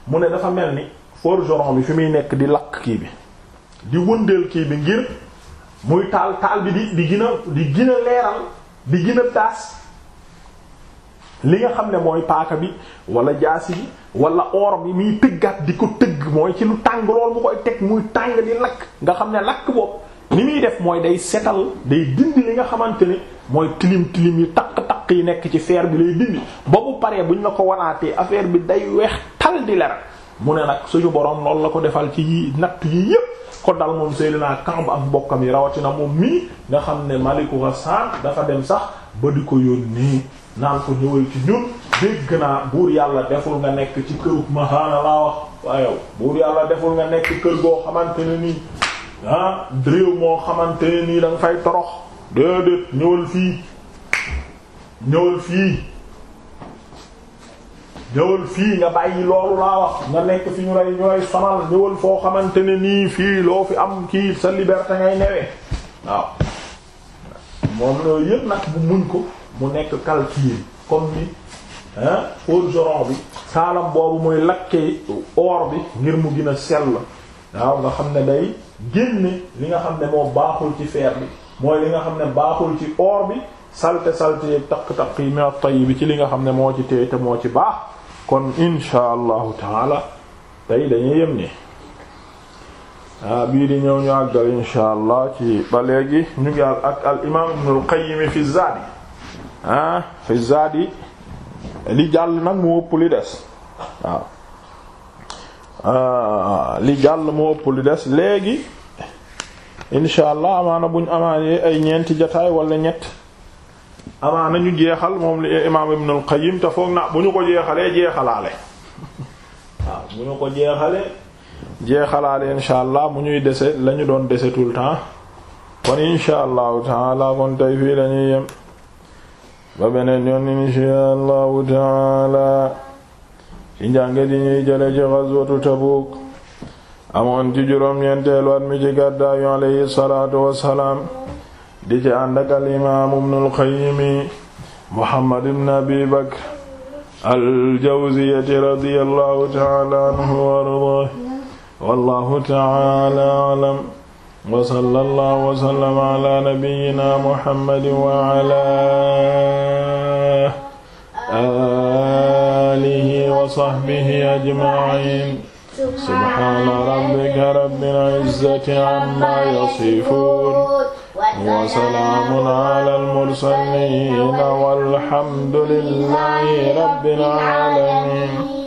mu ne dafa mel ni forgeron bi fi muy nekk di lakk kii bi di wëndeel kii bi ngir muy taal taal bi di di gën a di gën a leeral di gën a li nga xam ne mooy paaka bi wala jaasi bi wala or bi muy tëggaat di ko tëgg mooy ci lu tàng lool mu koy teg muy tàng di lakk nga xam ne lakk boobu ni muy def mooy day setal day dindi li nga xamante ni mooy tilim tilim yi taq-taq yi nekk ci fer bi lay dindi ba bu paree buñ la ko wanaatee affaire bi day weex tal di leer mu ne nag suñu borom loolu la ko defal ci natt yi yépp ko dal moom Seydina Kamb am mbokkam yi rawatina moom mii nga xam ne Maliku Ghassan dafa dem sax ba di ko yónnee naan ko ñëwal ci ñun dégg naa buur yàlla deful nga nekk ci kërug mahaana laa wax waayow buur yàlla deful nga nekk kër goo xamante ne nii ah moo xamante ne nii da fay torox déedéet ñëwal fii ñëwal fii ñëwal fii nga bàyyi loolu laa wax nga nekk fi ñu lay ñooy sonal ñëwal foo xamante ne nii fii loo fi am kii sa liberté ngay newee waaw moom loolu yëpp nag bu muñ ko mu nekk calcul comme ni ah forgeron bi taalam boobu muy lakkee or bi ngir mu gën a sell waaw nga xam ne day génne li nga xam ne moo baaxul ci fer bi mooy li nga xam ne baaxul ci or bi salte salte yeeg taq-taq yi mina tayyib ci li nga xam ne moo ci teey moo ci baax kon insha allahu taala tey dañuy yem ni ah bii di ñëw ñu àggal insha allah ci ba léegi ñu ngi ak al imaam Ibnul Qayyim fi Zaad ah fi zaadi li jàll nag mu ëpp li des waaw ah, li jàll mu ëpp li des léegi incha allah amaana buñ amaanee ay ñeenti jataay wala ñett amaana ñu jeexal moom li imaam Ibn al-Qayyim te foog naa bu ñu ko jeexalee jeexalaale waaw bu ñu ko jeexalee jeexalaale incha allah mu ñuy dese la ñu doon dese tout le temps kon incha allahu taala kon tey fii lañuy yem ba beneen yoon inshaa allahu taala ci njànge ji ñuy jële ci ghazwatu Tabuk amoon ci juróom-ñeenteelu at mi ci gàddaayu alayhi salaatu wassalaam di ci ànd ak al imaamu ibnul qayyimi muhammad ibn abi bakr al jawziyati radiyallahu taala anhu wa ardaahu wallahu taala alam wasala allah wasallam ala nabiyina muhammadi waala alihi wa saxbihi ajmain subhaana rabbika rabbil izzati amma yasifuun wa salaamun ala al-mursaliin walhamdulillahi rabbil aalamiin